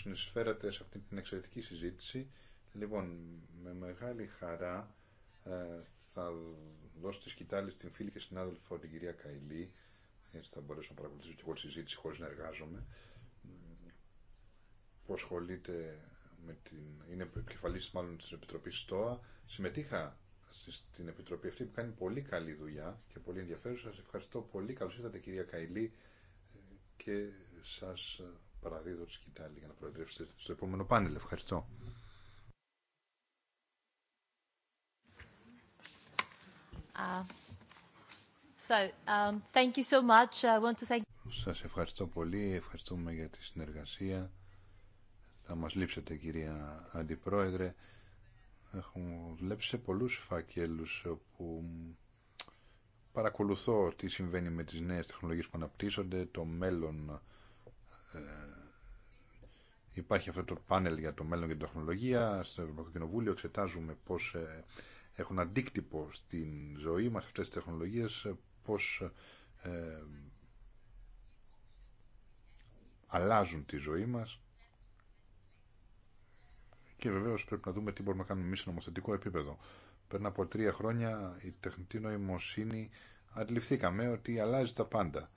συνεισφέρατε σε αυτή την εξαιρετική συζήτηση. Λοιπόν, με μεγάλη χαρά ε, θα δώσω τη σκητάλη στην φίλη και συνάδελφο την κυρία Καϊλή έτσι θα μπορέσω να παρακολουθήσω και εγώ τη συζήτηση χωρίς να εργάζομαι, που ασχολείται με την, είναι επικεφαλής μάλλον της Επιτροπής ΣΤΟΑ. Συμμετείχα στην Επιτροπή αυτή που κάνει πολύ καλή δουλειά και πολύ ενδιαφέρουσα. Σας ευχαριστώ πολύ. Καλώς ήρθατε κυρία Καηλή και σας παραδίδω τη για να προεδρεύσετε στο επόμενο πάνελ. Ευχαριστώ. Σας ευχαριστώ πολύ. Ευχαριστούμε για τη συνεργασία. Θα μας λείψετε κυρία Αντιπρόεδρε. Έχω δουλέψει σε πολλούς φακέλους όπου παρακολουθώ τι συμβαίνει με τις νέες τεχνολογίες που αναπτύσσονται, το μέλλον ε, υπάρχει αυτό το πάνελ για το μέλλον και την τεχνολογία. Στο Ευρωπαϊκό Κοινοβούλιο εξετάζουμε πώς ε, έχουν αντίκτυπο στην ζωή μας αυτές τι τεχνολογίες, πώς ε, αλλάζουν τη ζωή μας και βεβαίω πρέπει να δούμε τι μπορούμε να κάνουμε εμεί σε νομοθετικό επίπεδο. Πριν από τρία χρόνια η τεχνητή νοημοσύνη αντιληφθήκαμε ότι αλλάζει τα πάντα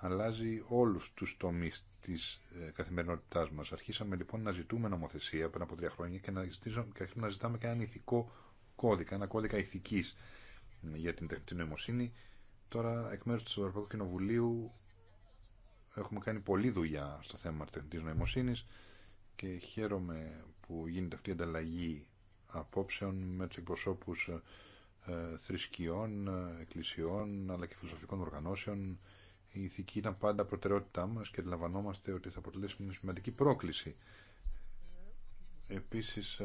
αλλάζει όλους τους τομείς της ε, καθημερινότητάς μας. Αρχίσαμε λοιπόν να ζητούμε νομοθεσία πριν από τρία χρόνια και να, και να ζητάμε και έναν ηθικό κώδικα, ένα κώδικα ηθικής για την τεχνητή νοημοσύνη. Τώρα εκ μέρους του Ευρωπαϊκού Κοινοβουλίου έχουμε κάνει πολλή δουλειά στο θέμα της τεχνητής νοημοσύνης και χαίρομαι που γίνεται αυτή η ανταλλαγή απόψεων με τους εκπροσώπους ε, θρησκειών, εκκλησιών αλλά και φιλοσοφικών οργανώσεων η ηθική ήταν πάντα προτεραιότητά μας και αντιλαμβανόμαστε ότι θα αποτελέσουμε μια σημαντική πρόκληση. Επίσης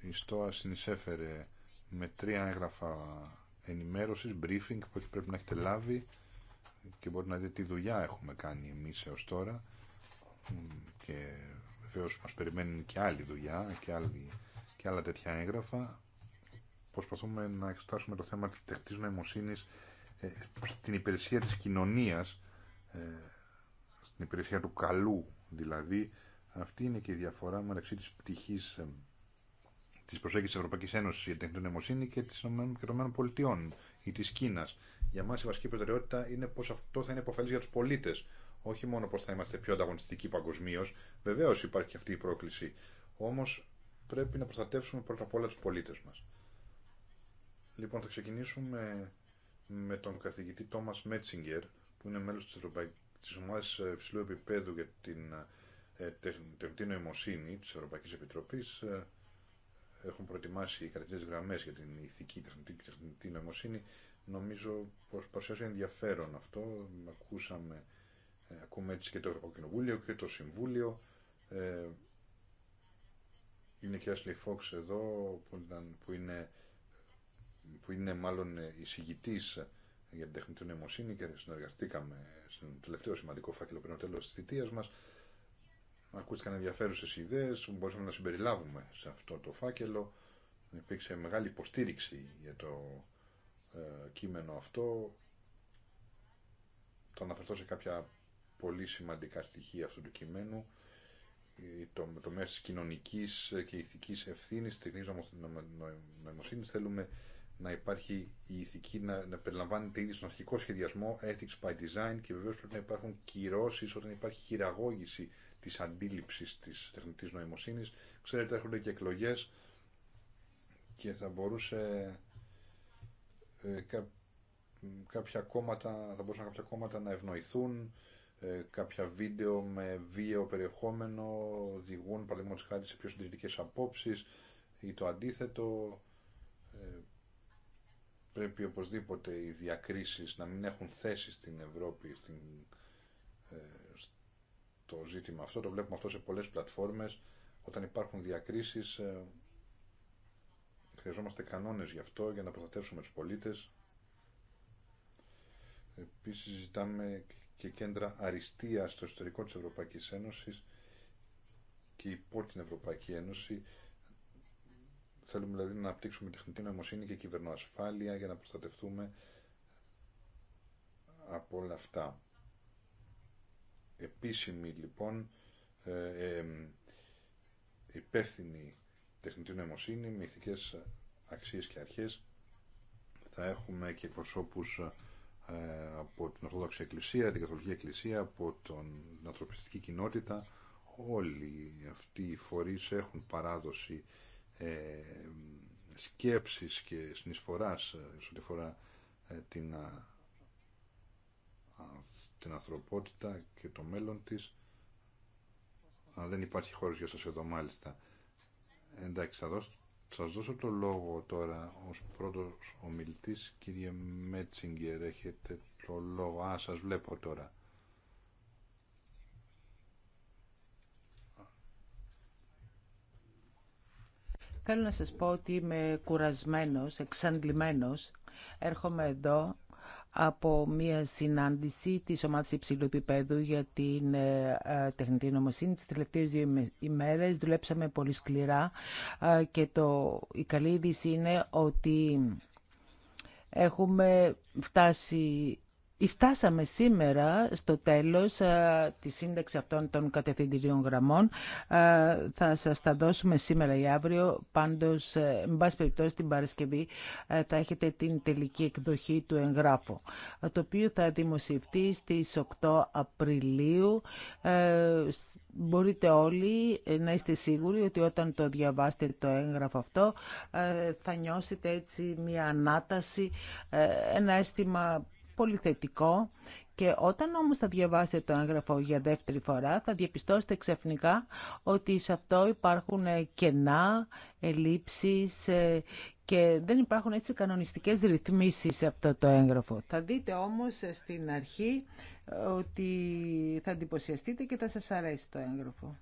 η ΣΤΟΑ συνεισέφερε με τρία έγγραφα ενημέρωσης, briefing που πρέπει να έχετε λάβει και μπορεί να δείτε τι δουλειά έχουμε κάνει εμείς έως τώρα και βεβαίω μας περιμένουν και άλλη δουλειά και, άλλη, και άλλα τέτοια έγγραφα. Προσπαθούμε να εξετάσουμε το θέμα της τεχνητής νοημοσύνης ε, στην υπηρεσία της κοινωνίας, ε, στην υπηρεσία του καλού δηλαδή, αυτή είναι και η διαφορά μεταξύ της πτυχής ε, της προσέγγισης της Ευρωπαϊκής Ένωσης για την τεχνητονεμοσύνη και των Πολιτειών ή της Κίνας. Για μας η βασική προτεραιότητα είναι πως αυτό θα είναι υποφελής για τους πολίτες, όχι μόνο πως θα είμαστε πιο ανταγωνιστικοί παγκοσμίω. Βεβαίως υπάρχει και αυτή η πρόκληση, όμως πρέπει να προστατεύσουμε πρώτα απ' όλα τους πολίτες μας. Λοιπόν, θα ξεκινήσουμε με τον καθηγητή Τόμας Μέτσιγκερ, που είναι μέλος της, της ομάδας υψηλού επίπεδου για την ε, τεχνητή νοημοσύνη της Ευρωπαϊκής Επιτροπής. Ε, έχουν προετοιμάσει οι κρατικές γραμμές για την ηθική τεχνητή, τεχνητή νοημοσύνη. Νομίζω πως παρουσιάζει ενδιαφέρον αυτό. Ακούσαμε, ε, έτσι και το Ευρωπαϊκό Κοινοβούλιο και το Συμβούλιο. Ε, είναι και η Ashley Fox εδώ που είναι που είναι μάλλον ε, εισηγητή ε, για την τεχνητή νοημοσύνη και συνεργαστήκαμε στον τελευταίο σημαντικό φάκελο πριν το τέλο τη θητεία μα. Ακούστηκαν ενδιαφέρουσε ιδέε που μπορούσαμε να συμπεριλάβουμε σε αυτό το φάκελο. Υπήρξε μεγάλη υποστήριξη για το ε, κείμενο αυτό. το αναφερθώ σε κάποια πολύ σημαντικά στοιχεία αυτού του κειμένου. Το, το μέσο τη κοινωνική και ηθική ευθύνη, τεχνητή νοημοσύνη, θέλουμε να υπάρχει η ηθική να, να περιλαμβάνεται ήδη στον αρχικό σχεδιασμό, ethics by design και βεβαίω πρέπει να υπάρχουν κυρώσει όταν υπάρχει χειραγώγηση τη αντίληψη τη τεχνητή νοημοσύνη. Ξέρετε, έρχονται και εκλογέ και θα μπορούσε ε, κάποια κόμματα, θα μπορούσαν κάποια κόμματα να ευνοηθούν ε, κάποια βίντεο με βίαιο περιεχόμενο οδηγούν παραδείγματος χάρη σε πιο συντηρητικές απόψεις ή το αντίθετο ε, πρέπει οπωσδήποτε οι διακρίσεις να μην έχουν θέση στην Ευρώπη στην, ε, στο ζήτημα αυτό. Το βλέπουμε αυτό σε πολλές πλατφόρμες. Όταν υπάρχουν διακρίσεις ε, χρειαζόμαστε κανόνες γι' αυτό για να προστατεύσουμε τους πολίτες. Επίσης ζητάμε και κέντρα αριστεία στο ιστορικό της Ευρωπαϊκής Ένωσης και υπό την Ευρωπαϊκή Ένωση Θέλουμε δηλαδή να αναπτύξουμε τεχνητή νοημοσύνη και κυβερνοασφάλεια για να προστατευτούμε από όλα αυτά. Επίσημη λοιπόν ε, ε, υπεύθυνη τεχνητή νοημοσύνη με ηθικές αξίες και αρχές θα έχουμε και προσώπους ε, από την Ορθόδοξη Εκκλησία, την Καθολική Εκκλησία, από τον, την ανθρωπιστική κοινότητα. Όλοι αυτοί οι φορείς έχουν παράδοση ε, σκέψης και συνεισφοράς ε, σε ό,τι φορά ε, την, την ανθρωπότητα και το μέλλον της. Αν δεν υπάρχει χώρος για σας εδώ μάλιστα. Εντάξει, θα δώσω, σας δώσω το λόγο τώρα ως πρώτος ομιλητής. Κύριε Μέτσιγκερ, έχετε το λόγο. Α, σας βλέπω τώρα. Θέλω να σας πω ότι είμαι κουρασμένος, εξαντλημένος. Έρχομαι εδώ από μια συνάντηση της ομάδας υψηλού επίπεδου για την ε, ε, τεχνητή νομοσύνη. Τις τελευταίες δύο ημέρες δουλέψαμε πολύ σκληρά ε, και το, η καλή είδηση είναι ότι έχουμε φτάσει ε, φτάσαμε σήμερα στο τέλος ε, τη σύνταξη αυτών των κατευθυντηρίων γραμμών. Ε, θα σας τα δώσουμε σήμερα ή αύριο. Πάντως, με πάση περιπτώσει, την Παρασκευή θα έχετε την τελική εκδοχή του εγγράφου, το οποίο θα δημοσιευτεί στις 8 Απριλίου μπορείτε όλοι να είστε σίγουροι ότι όταν το διαβάσετε το έγγραφο αυτό θα νιώσετε έτσι μια ανάταση, ένα αίσθημα πολυθετικό και όταν όμως θα διαβάσετε το έγγραφο για δεύτερη φορά θα διαπιστώσετε ξαφνικά ότι σε αυτό υπάρχουν ε, κενά, ελλείψεις ε, και δεν υπάρχουν έτσι κανονιστικές ρυθμίσεις σε αυτό το έγγραφο. Θα δείτε όμως ε, στην αρχή ότι θα εντυπωσιαστείτε και θα σας αρέσει το έγγραφο.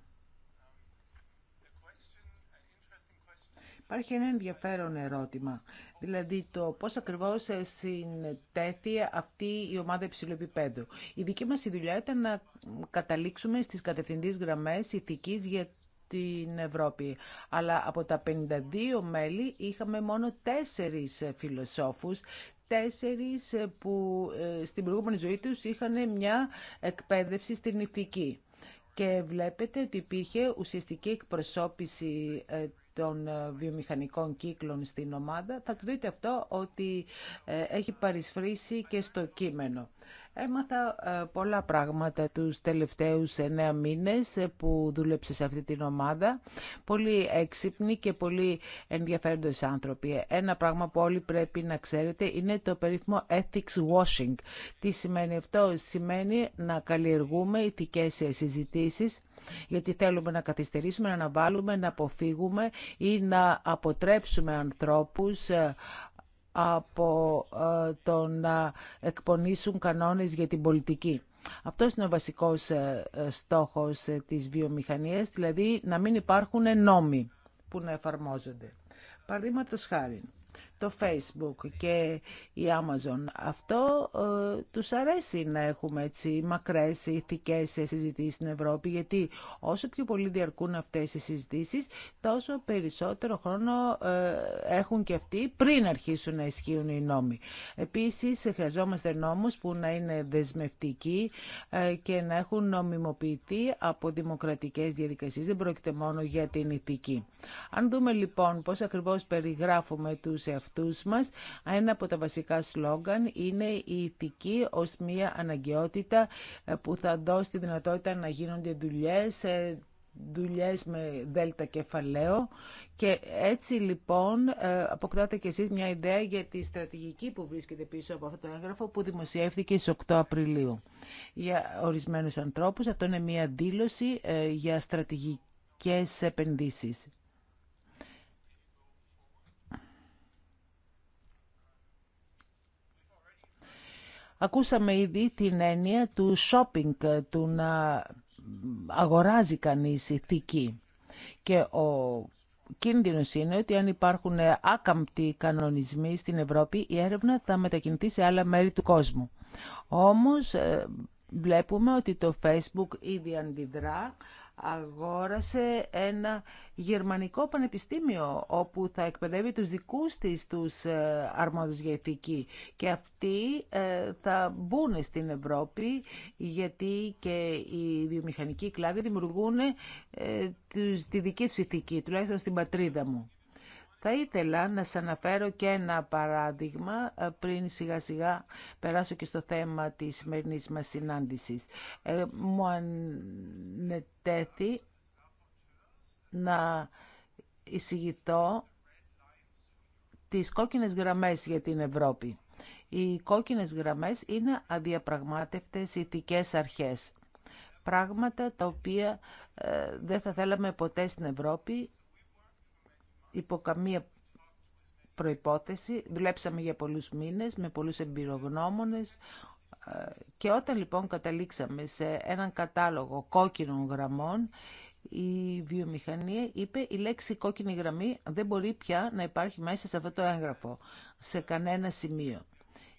Υπάρχει ένα ενδιαφέρον ερώτημα. Δηλαδή το πώς ακριβώς ε, συντέθη αυτή η ομάδα υψηλού επίπεδου. Η δική μας δουλειά ήταν να καταλήξουμε στις κατευθυντής γραμμές ηθικής για την Ευρώπη. Αλλά από τα 52 μέλη είχαμε μόνο τέσσερις φιλοσόφους, τέσσερις ε, που ε, στην προηγούμενη ζωή τους είχαν μια εκπαίδευση στην ηθική. Και βλέπετε ότι υπήρχε ουσιαστική εκπροσώπηση των ε, βιομηχανικών κύκλων στην ομάδα, θα το δείτε αυτό ότι ε, έχει παρισφρήσει και στο κείμενο. Έμαθα ε, πολλά πράγματα τους τελευταίους εννέα μήνες που δούλεψε σε αυτή την ομάδα. Πολύ έξυπνοι και πολύ ενδιαφέροντες άνθρωποι. Ένα πράγμα που όλοι πρέπει να ξέρετε είναι το περίφημο ethics washing. Τι σημαίνει αυτό. Σημαίνει να καλλιεργούμε ηθικές συζητήσεις γιατί θέλουμε να καθυστερήσουμε, να αναβάλουμε, να αποφύγουμε ή να αποτρέψουμε ανθρώπους ε, από ε, το να εκπονήσουν κανόνες για την πολιτική. Αυτό είναι ο βασικός ε, στόχος της βιομηχανίας, δηλαδή να μην υπάρχουν νόμοι που να εφαρμόζονται. Παραδείγματο χάρη, το Facebook και η Amazon. Αυτό ε, τους αρέσει να έχουμε έτσι μακρές ηθικές συζητήσεις στην Ευρώπη, γιατί όσο πιο πολύ διαρκούν αυτές οι συζητήσεις, τόσο περισσότερο χρόνο ε, έχουν και αυτοί πριν αρχίσουν να ισχύουν οι νόμοι. Επίσης, χρειαζόμαστε νόμους που να είναι δεσμευτικοί ε, και να έχουν νομιμοποιηθεί από δημοκρατικές διαδικασίες. Δεν πρόκειται μόνο για την ηθική. Αν δούμε λοιπόν πώς ακριβώς περιγράφουμε τους εαυτούς εαυτούς μας. Ένα από τα βασικά σλόγγαν είναι η ηθική ως μια αναγκαιότητα ε, που θα δώσει τη δυνατότητα να γίνονται δουλειές, ε, δουλειές με δέλτα κεφαλαίο και έτσι λοιπόν ε, αποκτάτε και εσείς μια ιδέα για τη στρατηγική που βρίσκεται πίσω από αυτό το έγγραφο που δημοσιεύθηκε στις 8 Απριλίου. Για ορισμένους ανθρώπους αυτό είναι μια δήλωση για στρατηγικές επενδύσεις. Ακούσαμε ήδη την έννοια του shopping, ε, του να αγοράζει κανείς ηθική. Και ο κίνδυνος είναι ότι αν υπάρχουν άκαμπτοι κανονισμοί στην Ευρώπη, η έρευνα θα μετακινηθεί σε άλλα μέρη του κόσμου. Όμως ε, Βλέπουμε ότι το Facebook ήδη αντιδρά, αγόρασε ένα γερμανικό πανεπιστήμιο όπου θα εκπαιδεύει τους δικούς της τους ε, αρμόδους για ηθική. και αυτοί ε, θα μπουν στην Ευρώπη γιατί και οι βιομηχανικοί κλάδοι δημιουργούν ε, τη δική τους ηθική, τουλάχιστον στην πατρίδα μου. Θα ήθελα να σας αναφέρω και ένα παράδειγμα ε, πριν σιγά σιγά περάσω και στο θέμα της σημερινή μας συνάντησης. Ε, μου ανετέθη να εισηγηθώ τις κόκκινες γραμμές για την Ευρώπη. Οι κόκκινες γραμμές είναι αδιαπραγμάτευτες ηθικές αρχές. Πράγματα τα οποία ε, δεν θα θέλαμε ποτέ στην Ευρώπη υπό καμία προϋπόθεση. Δουλέψαμε για πολλούς μήνες με πολλούς εμπειρογνώμονες ε, και όταν λοιπόν καταλήξαμε σε έναν κατάλογο κόκκινων γραμμών η βιομηχανία είπε η λέξη κόκκινη γραμμή δεν μπορεί πια να υπάρχει μέσα σε αυτό το έγγραφο σε κανένα σημείο.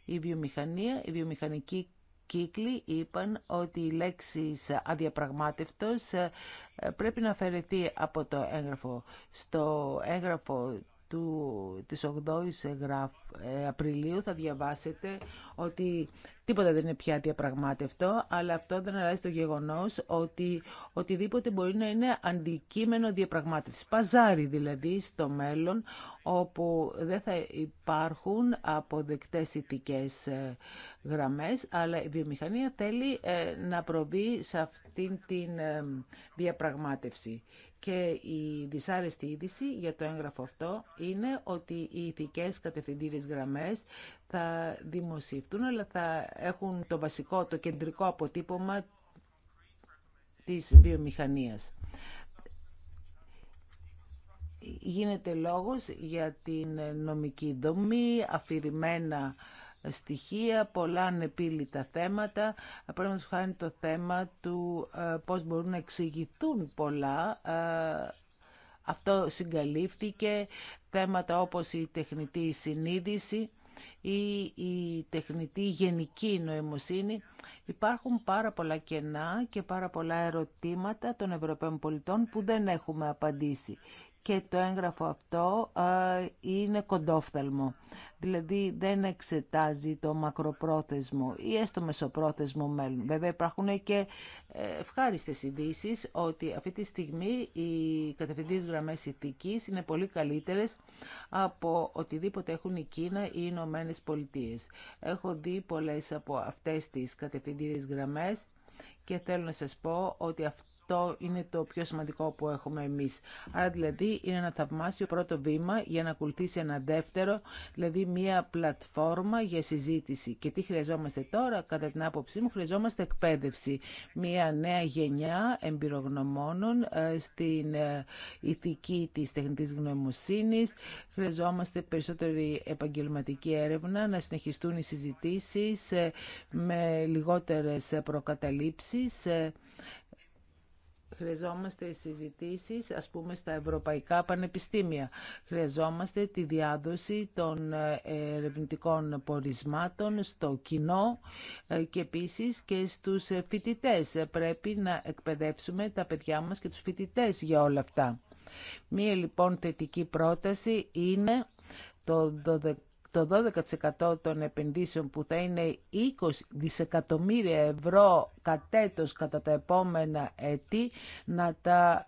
Η βιομηχανία, η βιομηχανική κύκλοι είπαν ότι η λέξη αδιαπραγμάτευτος ε, πρέπει να αφαιρεθεί από το έγγραφο. Στο έγγραφο του, της 8ης ε, Απριλίου θα διαβάσετε ότι τίποτα δεν είναι πια διαπραγμάτευτο, αλλά αυτό δεν αλλάζει το γεγονός ότι οτιδήποτε μπορεί να είναι αντικείμενο διαπραγμάτευση. Παζάρι δηλαδή στο μέλλον, όπου δεν θα υπάρχουν αποδεκτές ηθικές ε, γραμμές, αλλά η βιομηχανία θέλει ε, να προβεί σε αυτήν την διαπραγμάτευση. Και η δυσάρεστη είδηση για το έγγραφο αυτό είναι ότι οι ηθικές κατευθυντήριες γραμμές θα δημοσιευτούν, αλλά θα έχουν το βασικό, το κεντρικό αποτύπωμα της βιομηχανίας. Γίνεται λόγος για την νομική δομή, αφηρημένα στοιχεία, πολλά ανεπίλητα θέματα. Πρέπει να σου χάνει το θέμα του ε, πώς μπορούν να εξηγηθούν πολλά. Ε, αυτό συγκαλύφθηκε θέματα όπως η τεχνητή συνείδηση ή η τεχνητή γενική νοημοσύνη. Υπάρχουν πάρα πολλά κενά και πάρα πολλά ερωτήματα των Ευρωπαίων πολιτών που δεν έχουμε απαντήσει και το έγγραφο αυτό ε, είναι κοντόφθαλμο. Δηλαδή δεν εξετάζει το μακροπρόθεσμο ή έστω μεσοπρόθεσμο μέλλον. Βέβαια υπάρχουν και ε, ευχάριστες ειδήσει ότι αυτή τη στιγμή οι κατευθυντήριες γραμμές ηθικής είναι πολύ καλύτερες από οτιδήποτε έχουν η Κίνα ή οι Ηνωμένε Πολιτείε. Έχω δει πολλές από αυτές τις κατευθυντήριες γραμμές και ευχαριστες ειδησει οτι αυτη τη στιγμη οι κατευθυντηριες γραμμες ηθικη ειναι πολυ καλυτερες απο οτιδηποτε εχουν η κινα η οι ηνωμενε πολιτειε εχω δει πολλε απο αυτες τι κατευθυντηριε γραμμε και θελω να σα πω ότι αυτό είναι το πιο σημαντικό που έχουμε εμείς. Άρα δηλαδή είναι ένα θαυμάσιο πρώτο βήμα για να ακολουθήσει ένα δεύτερο, δηλαδή μια πλατφόρμα για συζήτηση. Και τι χρειαζόμαστε τώρα, κατά την άποψή μου, χρειαζόμαστε εκπαίδευση. Μια νέα γενιά εμπειρογνωμόνων ε, στην ε, ηθική της τεχνητής γνωμοσύνης. Χρειαζόμαστε περισσότερη επαγγελματική έρευνα, να συνεχιστούν οι συζητήσεις ε, με λιγότερες προκαταλήψεις Χρειαζόμαστε συζητήσεις, ας πούμε, στα ευρωπαϊκά πανεπιστήμια. Χρειαζόμαστε τη διάδοση των ε, ερευνητικών πορισμάτων στο κοινό ε, και επίσης και στους ε, φοιτητές. Πρέπει να εκπαιδεύσουμε τα παιδιά μας και τους φοιτητές για όλα αυτά. Μία λοιπόν θετική πρόταση είναι το το 12% των επενδύσεων που θα είναι 20 δισεκατομμύρια ευρώ κατέτος κατά τα επόμενα έτη να τα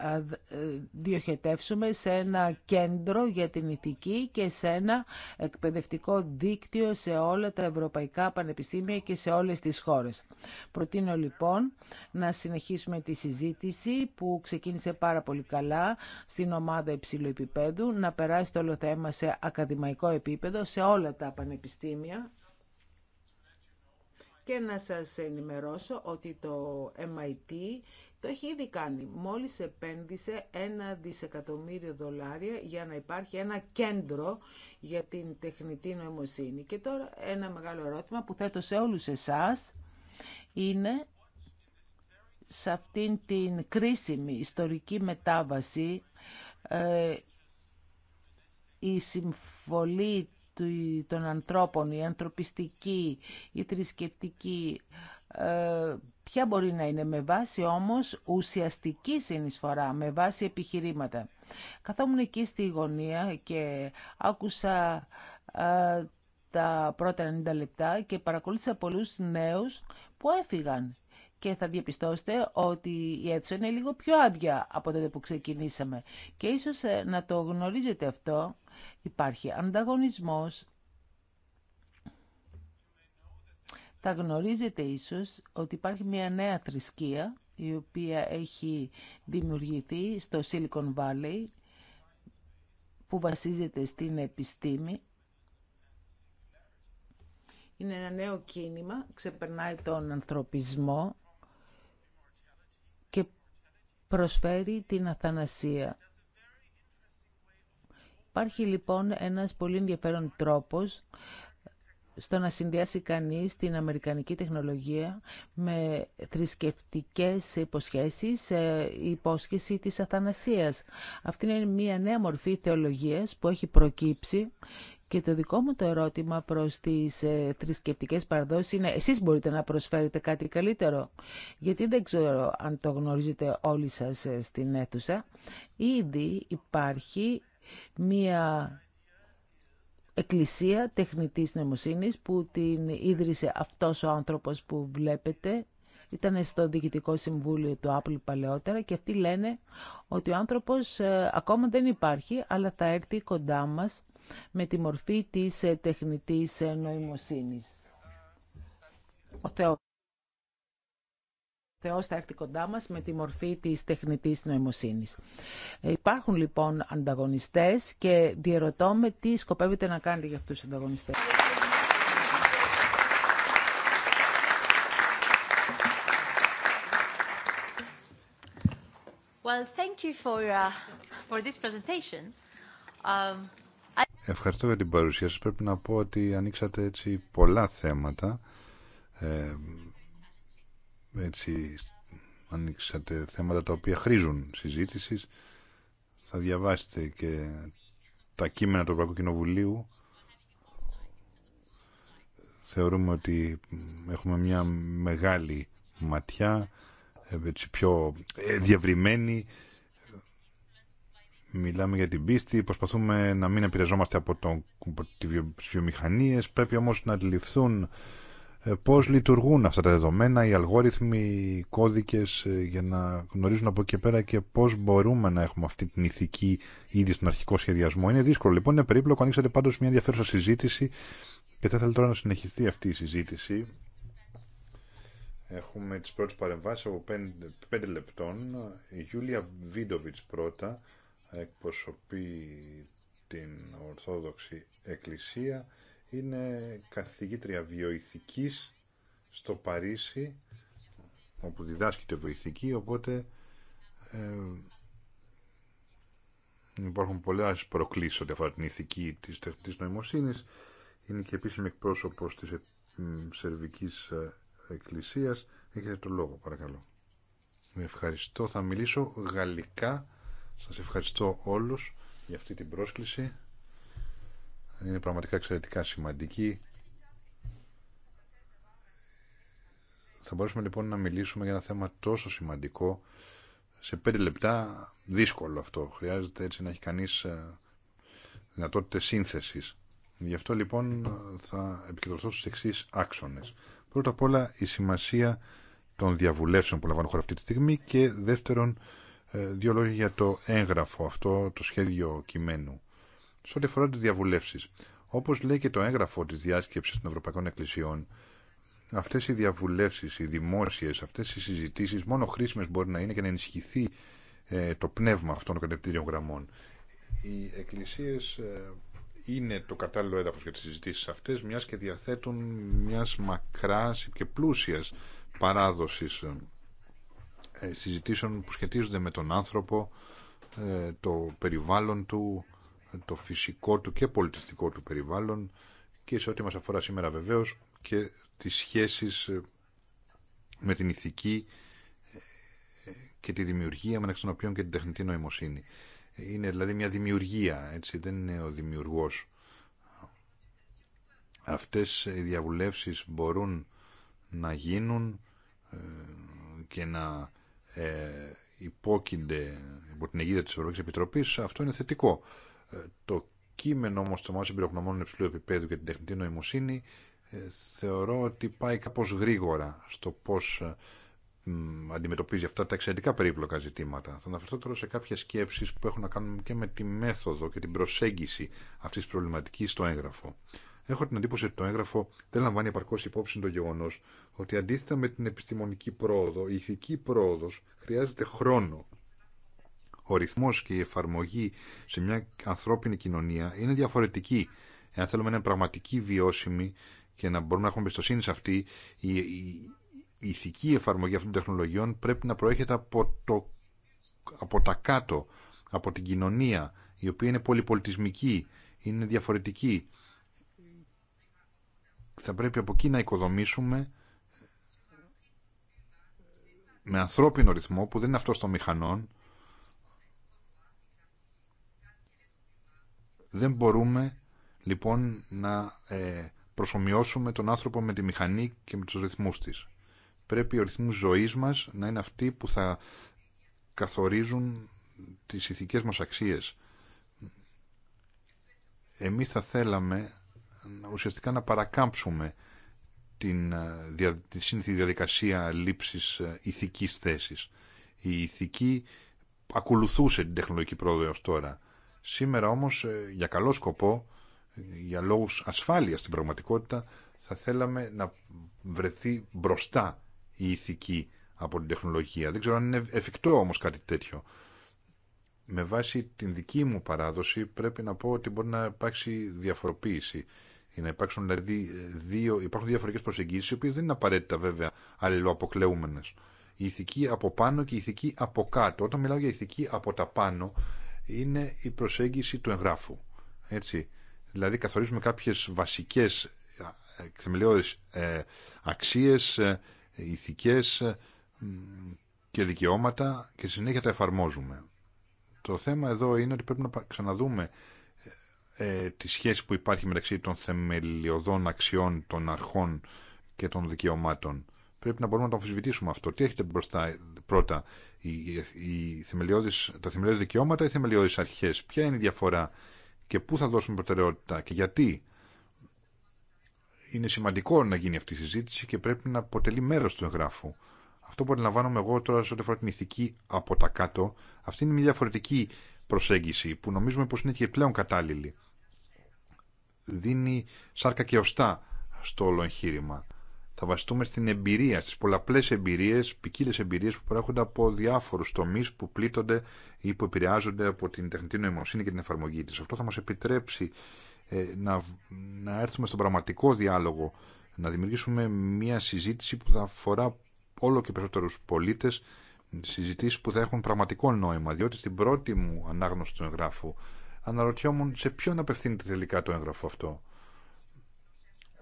ε, διοχετεύσουμε σε ένα κέντρο για την ηθική και σε ένα εκπαιδευτικό δίκτυο σε όλα τα ευρωπαϊκά πανεπιστήμια και σε όλες τις χώρες. Προτείνω λοιπόν να συνεχίσουμε τη συζήτηση που ξεκίνησε πάρα πολύ καλά στην ομάδα υψηλού να περάσει το όλο θέμα σε ακαδημαϊκό επίπεδο, όλα τα πανεπιστήμια και να σας ενημερώσω ότι το MIT το έχει ήδη κάνει. Μόλις επένδυσε ένα δισεκατομμύριο δολάρια για να υπάρχει ένα κέντρο για την τεχνητή νοημοσύνη. Και τώρα ένα μεγάλο ερώτημα που θέτω σε όλους εσάς είναι σε αυτήν την κρίσιμη ιστορική μετάβαση ε, η συμφωλή των ανθρώπων, η ανθρωπιστική, η θρησκευτική, ε, ποια μπορεί να είναι με βάση όμως ουσιαστική συνεισφορά, με βάση επιχειρήματα. Καθόμουν εκεί στη γωνία και άκουσα ε, τα πρώτα 90 λεπτά και παρακολούθησα πολλούς νέους που έφυγαν και θα διαπιστώσετε ότι η αίθουσα είναι λίγο πιο άδεια από τότε που ξεκινήσαμε. Και ίσως ε, να το γνωρίζετε αυτό, Υπάρχει ανταγωνισμός. Θα γνωρίζετε ίσως ότι υπάρχει μια νέα θρησκεία η οποία έχει δημιουργηθεί στο Silicon Valley που βασίζεται στην επιστήμη. Είναι ένα νέο κίνημα, ξεπερνάει τον ανθρωπισμό και προσφέρει την αθανασία. Υπάρχει λοιπόν ένας πολύ ενδιαφέρον τρόπος στο να συνδυάσει κανείς την αμερικανική τεχνολογία με θρησκευτικές υποσχέσεις, η υπόσχεση της αθανασίας. Αυτή είναι μια νέα μορφή θεολογίας που έχει προκύψει και το δικό μου το ερώτημα προς τις ε, θρησκευτικές παραδόσεις είναι εσείς μπορείτε να προσφέρετε κάτι καλύτερο. Γιατί δεν ξέρω αν το γνωρίζετε όλοι σας ε, στην αίθουσα. Ήδη υπάρχει μία εκκλησία τεχνητής νοημοσύνης που την ίδρυσε αυτός ο άνθρωπος που βλέπετε. Ήταν στο Διοικητικό Συμβούλιο του Apple παλαιότερα και αυτοί λένε ότι ο άνθρωπος ε, ακόμα δεν υπάρχει, αλλά θα έρθει κοντά μας με τη μορφή της ε, τεχνητής ε, νοημοσύνης. Θεός θα έρθει κοντά μας με τη μορφή της τεχνητής νοημοσύνης. Ε, υπάρχουν λοιπόν ανταγωνιστές και διερωτώ με τι σκοπεύετε να κάνετε για αυτούς τους ανταγωνιστές. Well, thank you for, uh, for this presentation. Um, Ευχαριστώ για την παρουσία σας. Πρέπει να πω ότι ανοίξατε έτσι πολλά θέματα. Ε, έτσι ανοίξατε θέματα τα οποία χρήζουν συζήτησης. Θα διαβάσετε και τα κείμενα του Ευρωπαϊκού Κοινοβουλίου. Θεωρούμε ότι έχουμε μια μεγάλη ματιά, έτσι πιο ε, διαβριμένη. Μιλάμε για την πίστη, προσπαθούμε να μην επηρεαζόμαστε από, τον, από τις βιομηχανίες, πρέπει όμως να αντιληφθούν ε, πώς λειτουργούν αυτά τα δεδομένα, οι αλγόριθμοι, οι κώδικες ε, για να γνωρίζουν από εκεί και πέρα και πώς μπορούμε να έχουμε αυτή την ηθική ήδη στον αρχικό σχεδιασμό. Είναι δύσκολο λοιπόν, είναι περίπλοκο, ανοίξατε πάντως μια ενδιαφέρουσα συζήτηση και θα ήθελα τώρα να συνεχιστεί αυτή η συζήτηση. Έχουμε τις πρώτες παρεμβάσεις από 5, λεπτών. Η Γιούλια Βίντοβιτς πρώτα εκπροσωπεί την Ορθόδοξη Εκκλησία είναι καθηγήτρια βιοηθικής στο Παρίσι όπου διδάσκεται βοηθική οπότε ε, υπάρχουν πολλές προκλήσεις ό,τι αφορά την ηθική της τεχνητής νοημοσύνης είναι και επίσημη εκπρόσωπο της ε, Σερβικής ε, Εκκλησίας έχετε το λόγο παρακαλώ ευχαριστώ θα μιλήσω γαλλικά σας ευχαριστώ όλους για αυτή την πρόσκληση είναι πραγματικά εξαιρετικά σημαντική. Θα μπορέσουμε λοιπόν να μιλήσουμε για ένα θέμα τόσο σημαντικό σε πέντε λεπτά δύσκολο αυτό. Χρειάζεται έτσι να έχει κανείς ε, δυνατότητε σύνθεσης. Γι' αυτό λοιπόν θα επικεντρωθώ στους εξή άξονες. Πρώτα απ' όλα η σημασία των διαβουλεύσεων που λαμβάνουν χώρα αυτή τη στιγμή και δεύτερον ε, δύο λόγια για το έγγραφο αυτό, το σχέδιο κειμένου σε ό,τι αφορά τι διαβουλεύσει. Όπω λέει και το έγγραφο τη διάσκεψη των Ευρωπαϊκών Εκκλησιών, αυτέ οι διαβουλεύσει, οι δημόσιε, αυτέ οι συζητήσει, μόνο χρήσιμε μπορεί να είναι και να ενισχυθεί ε, το πνεύμα αυτών των κατευθυντήριων γραμμών. Οι εκκλησίε ε, είναι το κατάλληλο έδαφο για τι συζητήσει αυτέ, μια και διαθέτουν μια μακρά και πλούσια παράδοση ε, συζητήσεων που σχετίζονται με τον άνθρωπο, το περιβάλλον του, το φυσικό του και πολιτιστικό του περιβάλλον και σε ό,τι μας αφορά σήμερα βεβαίως και τις σχέσεις ε, με την ηθική ε, και τη δημιουργία μεταξύ των οποίων και την τεχνητή νοημοσύνη. Είναι δηλαδή μια δημιουργία, έτσι, δεν είναι ο δημιουργός. Αυτές οι διαβουλεύσεις μπορούν να γίνουν ε, και να υπόκεινται υπό την αιγύδα της Ευρωπαϊκής Επιτροπής. Αυτό είναι θετικό. Ε, το κείμενο όμως των ομάδα εμπειρογνωμών υψηλού επίπεδου και την τεχνητή νοημοσύνη ε, θεωρώ ότι πάει κάπως γρήγορα στο πώς ε, αντιμετωπίζει αυτά τα εξαιρετικά περίπλοκα ζητήματα. Θα αναφερθώ τώρα σε κάποιες σκέψεις που έχουν να κάνουν και με τη μέθοδο και την προσέγγιση αυτής της προβληματικής στο έγγραφο. Έχω την εντύπωση ότι το έγγραφο δεν λαμβάνει επαρκώ υπόψη το γεγονό ότι αντίθετα με την επιστημονική πρόοδο, η ηθική πρόοδο χρειάζεται χρόνο ο ρυθμός και η εφαρμογή σε μια ανθρώπινη κοινωνία είναι διαφορετική. Εάν θέλουμε να είναι πραγματική βιώσιμη και να μπορούμε να έχουμε εμπιστοσύνη σε αυτή, η, η, ηθική εφαρμογή αυτών των τεχνολογιών πρέπει να προέρχεται από, το, από τα κάτω, από την κοινωνία, η οποία είναι πολυπολιτισμική, είναι διαφορετική. Θα πρέπει από εκεί να οικοδομήσουμε με ανθρώπινο ρυθμό που δεν είναι αυτός των μηχανών Δεν μπορούμε λοιπόν να ε, προσωμιώσουμε τον άνθρωπο με τη μηχανή και με τους ρυθμούς της. Πρέπει ο ρυθμός ζωής μας να είναι αυτοί που θα καθορίζουν τις ηθικές μας αξίες. Εμείς θα θέλαμε ουσιαστικά να παρακάμψουμε την, ε, τη σύνθετη διαδικασία λήψης ε, ηθικής θέσης. Η ηθική ακολουθούσε την τεχνολογική πρόοδο τώρα. Σήμερα όμως ε, για καλό σκοπό, για λόγους ασφάλειας στην πραγματικότητα, θα θέλαμε να βρεθεί μπροστά η ηθική από την τεχνολογία. Δεν ξέρω αν είναι εφικτό όμως κάτι τέτοιο. Με βάση την δική μου παράδοση πρέπει να πω ότι μπορεί να υπάρξει διαφοροποίηση ή να υπάρξουν δηλαδή δύο, υπάρχουν διαφορετικές προσεγγίσεις οι οποίες δεν είναι απαραίτητα βέβαια αλληλοαποκλεούμενες. Η ηθική από πάνω και η ηθική από κάτω. Όταν μιλάω για ηθική από τα πάνω είναι η προσέγγιση του εγγράφου. Έτσι. Δηλαδή καθορίζουμε κάποιες βασικές θεμελιώδεις ε, αξίες, ε, ηθικές ε, και δικαιώματα και συνέχεια τα εφαρμόζουμε. Το θέμα εδώ είναι ότι πρέπει να ξαναδούμε ε, τη σχέση που υπάρχει μεταξύ των θεμελιωδών αξιών, των αρχών και των δικαιωμάτων. Πρέπει να μπορούμε να το αμφισβητήσουμε αυτό. Τι έχετε μπροστά Πρώτα, οι, οι τα θεμελιώδη δικαιώματα ή θεμελιώδεις αρχές. Ποια είναι η θεμελιώδη αρχέ. και γιατί. Είναι σημαντικό να γίνει αυτή η συζήτηση και πρέπει να αποτελεί μέρος του εγγράφου. Αυτό που αντιλαμβάνομαι εγώ τώρα σε ό,τι αφορά την ηθική από τα κάτω, αυτή είναι μια διαφορετική προσέγγιση που νομίζουμε πως είναι και πλέον κατάλληλη. Δίνει σάρκα και πρεπει να αποτελει μερος του εγγραφου αυτο που αντιλαμβανομαι εγω τωρα σε οτι αφορα την ηθικη απο τα κατω αυτη ειναι μια διαφορετικη προσεγγιση που νομιζουμε πω ειναι και πλεον καταλληλη δινει σαρκα και οστα στο όλο εγχείρημα. Θα βασιστούμε στην εμπειρία, στις πολλαπλές εμπειρίες, ποικίλε εμπειρίες που προέρχονται από διάφορους τομείς που πλήττονται ή που επηρεάζονται από την τεχνητή νοημοσύνη και την εφαρμογή της. Αυτό θα μας επιτρέψει ε, να, να έρθουμε στον πραγματικό διάλογο, να δημιουργήσουμε μια συζήτηση που θα αφορά όλο και περισσότερους πολίτες, συζητήσεις που θα έχουν πραγματικό νόημα, διότι στην πρώτη μου ανάγνωση του εγγράφου αναρωτιόμουν σε ποιον απευθύνεται τελικά το έγγραφο αυτό.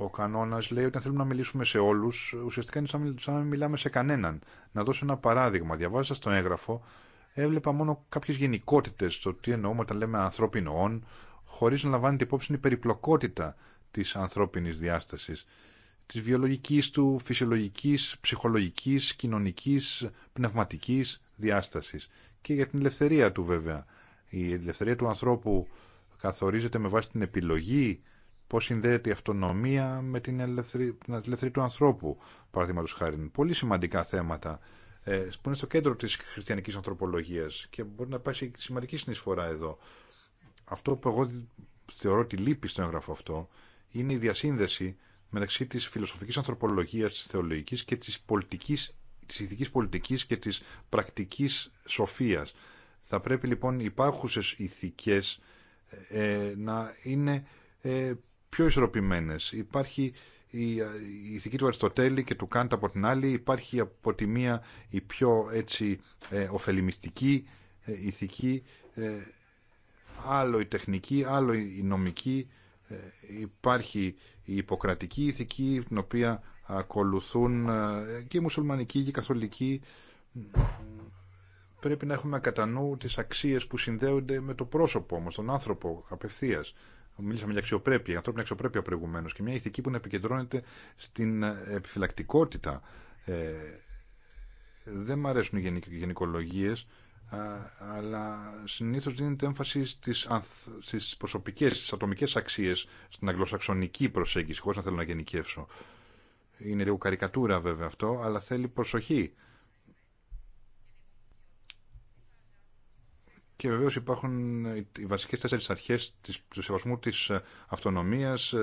Ο κανόνα λέει ότι αν θέλουμε να μιλήσουμε σε όλου, ουσιαστικά είναι σαν να μην μιλάμε σε κανέναν. Να δώσω ένα παράδειγμα. Διαβάζοντα τον έγγραφο, έβλεπα μόνο κάποιε γενικότητε στο τι εννοούμε όταν λέμε ανθρώπινο όν, χωρί να λαμβάνεται υπόψη η περιπλοκότητα τη ανθρώπινη διάσταση. Τη βιολογική του, φυσιολογική, ψυχολογική, κοινωνική, πνευματική διάσταση. Και για την ελευθερία του βέβαια. Η ελευθερία του ανθρώπου καθορίζεται με βάση την επιλογή πώς συνδέεται η αυτονομία με την ελευθερία, την του ανθρώπου, παραδείγματο χάρη. Πολύ σημαντικά θέματα ε, που είναι στο κέντρο της χριστιανικής ανθρωπολογίας και μπορεί να πάει σημαντική συνεισφορά εδώ. Αυτό που εγώ θεωρώ ότι λείπει στο έγγραφο αυτό είναι η διασύνδεση μεταξύ της φιλοσοφικής ανθρωπολογίας, της θεολογικής και της πολιτικής της ηθικής πολιτικής και της πρακτικής σοφίας. Θα πρέπει λοιπόν οι υπάρχουσες ηθικές ε, να είναι ε, πιο ισορροπημένε. Υπάρχει η, ηθική του Αριστοτέλη και του Κάντα από την άλλη, υπάρχει από τη μία η πιο έτσι ε, ωφελημιστική ε, ηθική, ε, άλλο η τεχνική, άλλο η νομική, ε, υπάρχει η υποκρατική ηθική την οποία ακολουθούν και οι μουσουλμανικοί και οι καθολικοί πρέπει να έχουμε κατά νου τις αξίες που συνδέονται με το πρόσωπο όμως, τον άνθρωπο απευθείας Μίλησαμε για αξιοπρέπεια, ανθρώπινη αξιοπρέπεια προηγουμένω και μια ηθική που να επικεντρώνεται στην ε, επιφυλακτικότητα. Ε, δεν μου αρέσουν οι γενικολογίε, αλλά συνήθω δίνεται έμφαση στι στις προσωπικέ, στι ατομικέ αξίε, στην αγγλοσαξονική προσέγγιση, χωρί να θέλω να γενικεύσω. Είναι λίγο καρικατούρα βέβαια αυτό, αλλά θέλει προσοχή Και βεβαίως υπάρχουν οι βασικές τέσσερις αρχές της, του σεβασμού της αυτονομίας,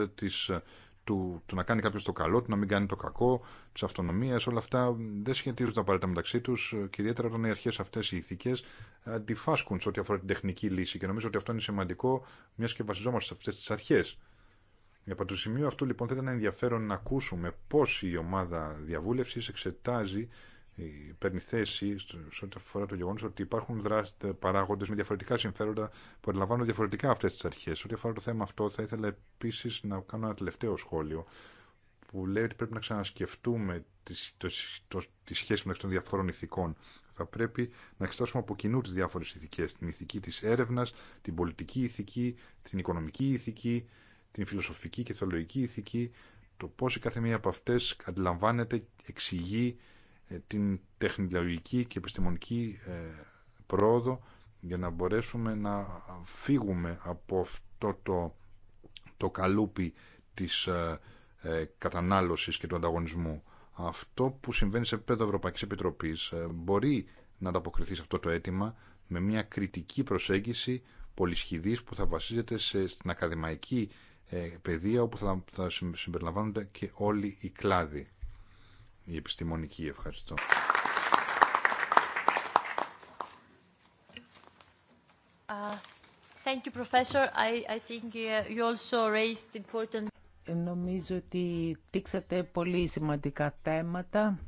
του, του να κάνει κάποιος το καλό, του να μην κάνει το κακό, της αυτονομίας. Όλα αυτά δεν σχετίζονται απαραίτητα μεταξύ τους και ιδιαίτερα όταν οι αρχές αυτές οι ηθικές αντιφάσκουν σε ό,τι αφορά την τεχνική λύση. Και νομίζω ότι αυτό είναι σημαντικό, μιας και βασιζόμαστε σε αυτές τις αρχές. Για το σημείο αυτού λοιπόν θα ήταν ενδιαφέρον να ακούσουμε πώς η ομάδα διαβούλευσης εξετάζει ε, παίρνει θέση σε ό,τι αφορά το γεγονό ότι υπάρχουν δράστε, παράγοντε με διαφορετικά συμφέροντα που αντιλαμβάνουν διαφορετικά αυτέ τι αρχέ. Σε ό,τι αφορά το θέμα αυτό, θα ήθελα επίση να κάνω ένα τελευταίο σχόλιο που λέει ότι πρέπει να ξανασκεφτούμε τη, το, το, τη σχέση μεταξύ των διαφόρων ηθικών. Θα πρέπει να εξετάσουμε από κοινού τι διάφορε ηθικέ. Την ηθική τη έρευνα, την πολιτική ηθική, την οικονομική ηθική, την φιλοσοφική και θεολογική ηθική. Το πώ η κάθε μία από αυτέ αντιλαμβάνεται, εξηγεί ε, την τεχνολογική και επιστημονική ε, πρόοδο για να μπορέσουμε να φύγουμε από αυτό το, το καλούπι της ε, κατανάλωσης και του ανταγωνισμού. Αυτό που συμβαίνει σε επίπεδο Ευρωπαϊκής Επιτροπής μπορεί να ανταποκριθεί σε αυτό το αίτημα με μια κριτική προσέγγιση πολυσχηδής που θα βασίζεται σε, στην ακαδημαϊκή παιδεία όπου θα, θα συμπεριλαμβάνονται και όλοι οι κλάδοι η επιστημονική. Ευχαριστώ. Νομίζω ότι τίξατε πολύ σημαντικά θέματα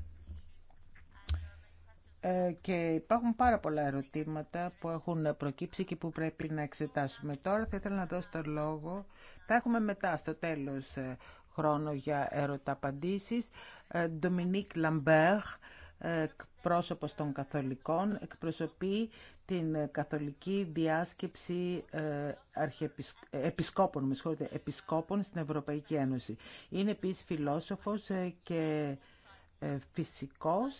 ε, και υπάρχουν πάρα πολλά ερωτήματα που έχουν προκύψει και που πρέπει να εξετάσουμε. Τώρα θα ήθελα να δώσω το λόγο. Θα έχουμε μετά στο τέλος ε, χρόνο για ερωταπαντήσεις. Ντομινίκ Λαμπέρ, πρόσωπος των Καθολικών, εκπροσωπεί την Καθολική Διάσκεψη ε, Επισκόπων, με Επισκόπων στην Ευρωπαϊκή Ένωση. Είναι επίσης φιλόσοφος ε, και ε, φυσικός,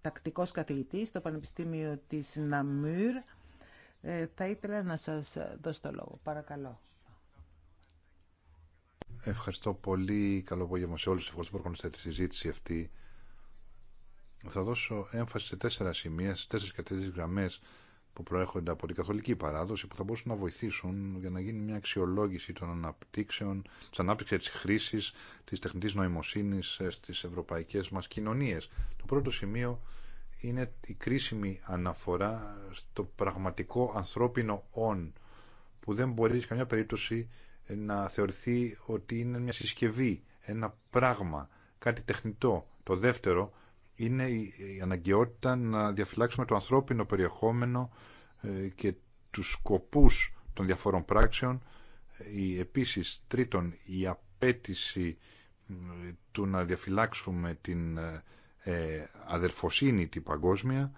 τακτικός καθηγητής στο Πανεπιστήμιο της Ναμούρ, Θα ήθελα να σας δώσω το λόγο. Παρακαλώ. Ευχαριστώ πολύ. Καλό απόγευμα σε όλους. Ευχαριστώ που έρχονται στη συζήτηση αυτή. Θα δώσω έμφαση σε τέσσερα σημεία, σε τέσσερις κατευθύνσεις γραμμέ που προέρχονται από την καθολική παράδοση που θα μπορούσαν να βοηθήσουν για να γίνει μια αξιολόγηση των αναπτύξεων, τη ανάπτυξη τη χρήση τη τεχνητή νοημοσύνη, ε, στι ευρωπαϊκέ μα κοινωνίε. Το πρώτο σημείο είναι η κρίσιμη αναφορά στο πραγματικό ανθρώπινο «ον» που δεν μπορεί σε καμιά περίπτωση να θεωρηθεί ότι είναι μια συσκευή, ένα πράγμα, κάτι τεχνητό. Το δεύτερο είναι η αναγκαιότητα να διαφυλάξουμε το ανθρώπινο περιεχόμενο ε, και τους σκοπούς των διαφορών πράξεων. Ε, η, επίσης, τρίτον, η απέτηση του να διαφυλάξουμε την ε, αδερφοσύνη την παγκόσμια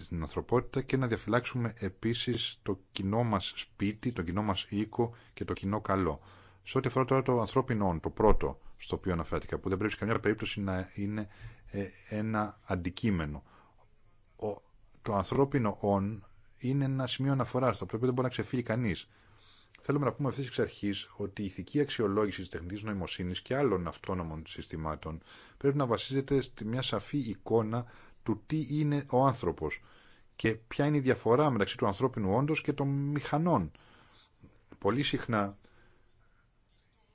στην ανθρωπότητα και να διαφυλάξουμε επίσης το κοινό μας σπίτι, το κοινό μας οίκο και το κοινό καλό. Σε ό,τι αφορά τώρα το ανθρώπινο το πρώτο στο οποίο αναφέρθηκα, που δεν πρέπει σε καμιά περίπτωση να είναι ε, ένα αντικείμενο. το ανθρώπινο «ον» είναι ένα σημείο αναφορά, το οποίο δεν μπορεί να ξεφύγει κανεί. Θέλουμε να πούμε ευθύ εξ αρχή ότι η ηθική αξιολόγηση τη τεχνητή νοημοσύνη και άλλων αυτόνομων συστημάτων πρέπει να βασίζεται στη μια σαφή εικόνα του τι είναι ο άνθρωπος και ποια είναι η διαφορά μεταξύ του ανθρώπινου όντως και των μηχανών. Πολύ συχνά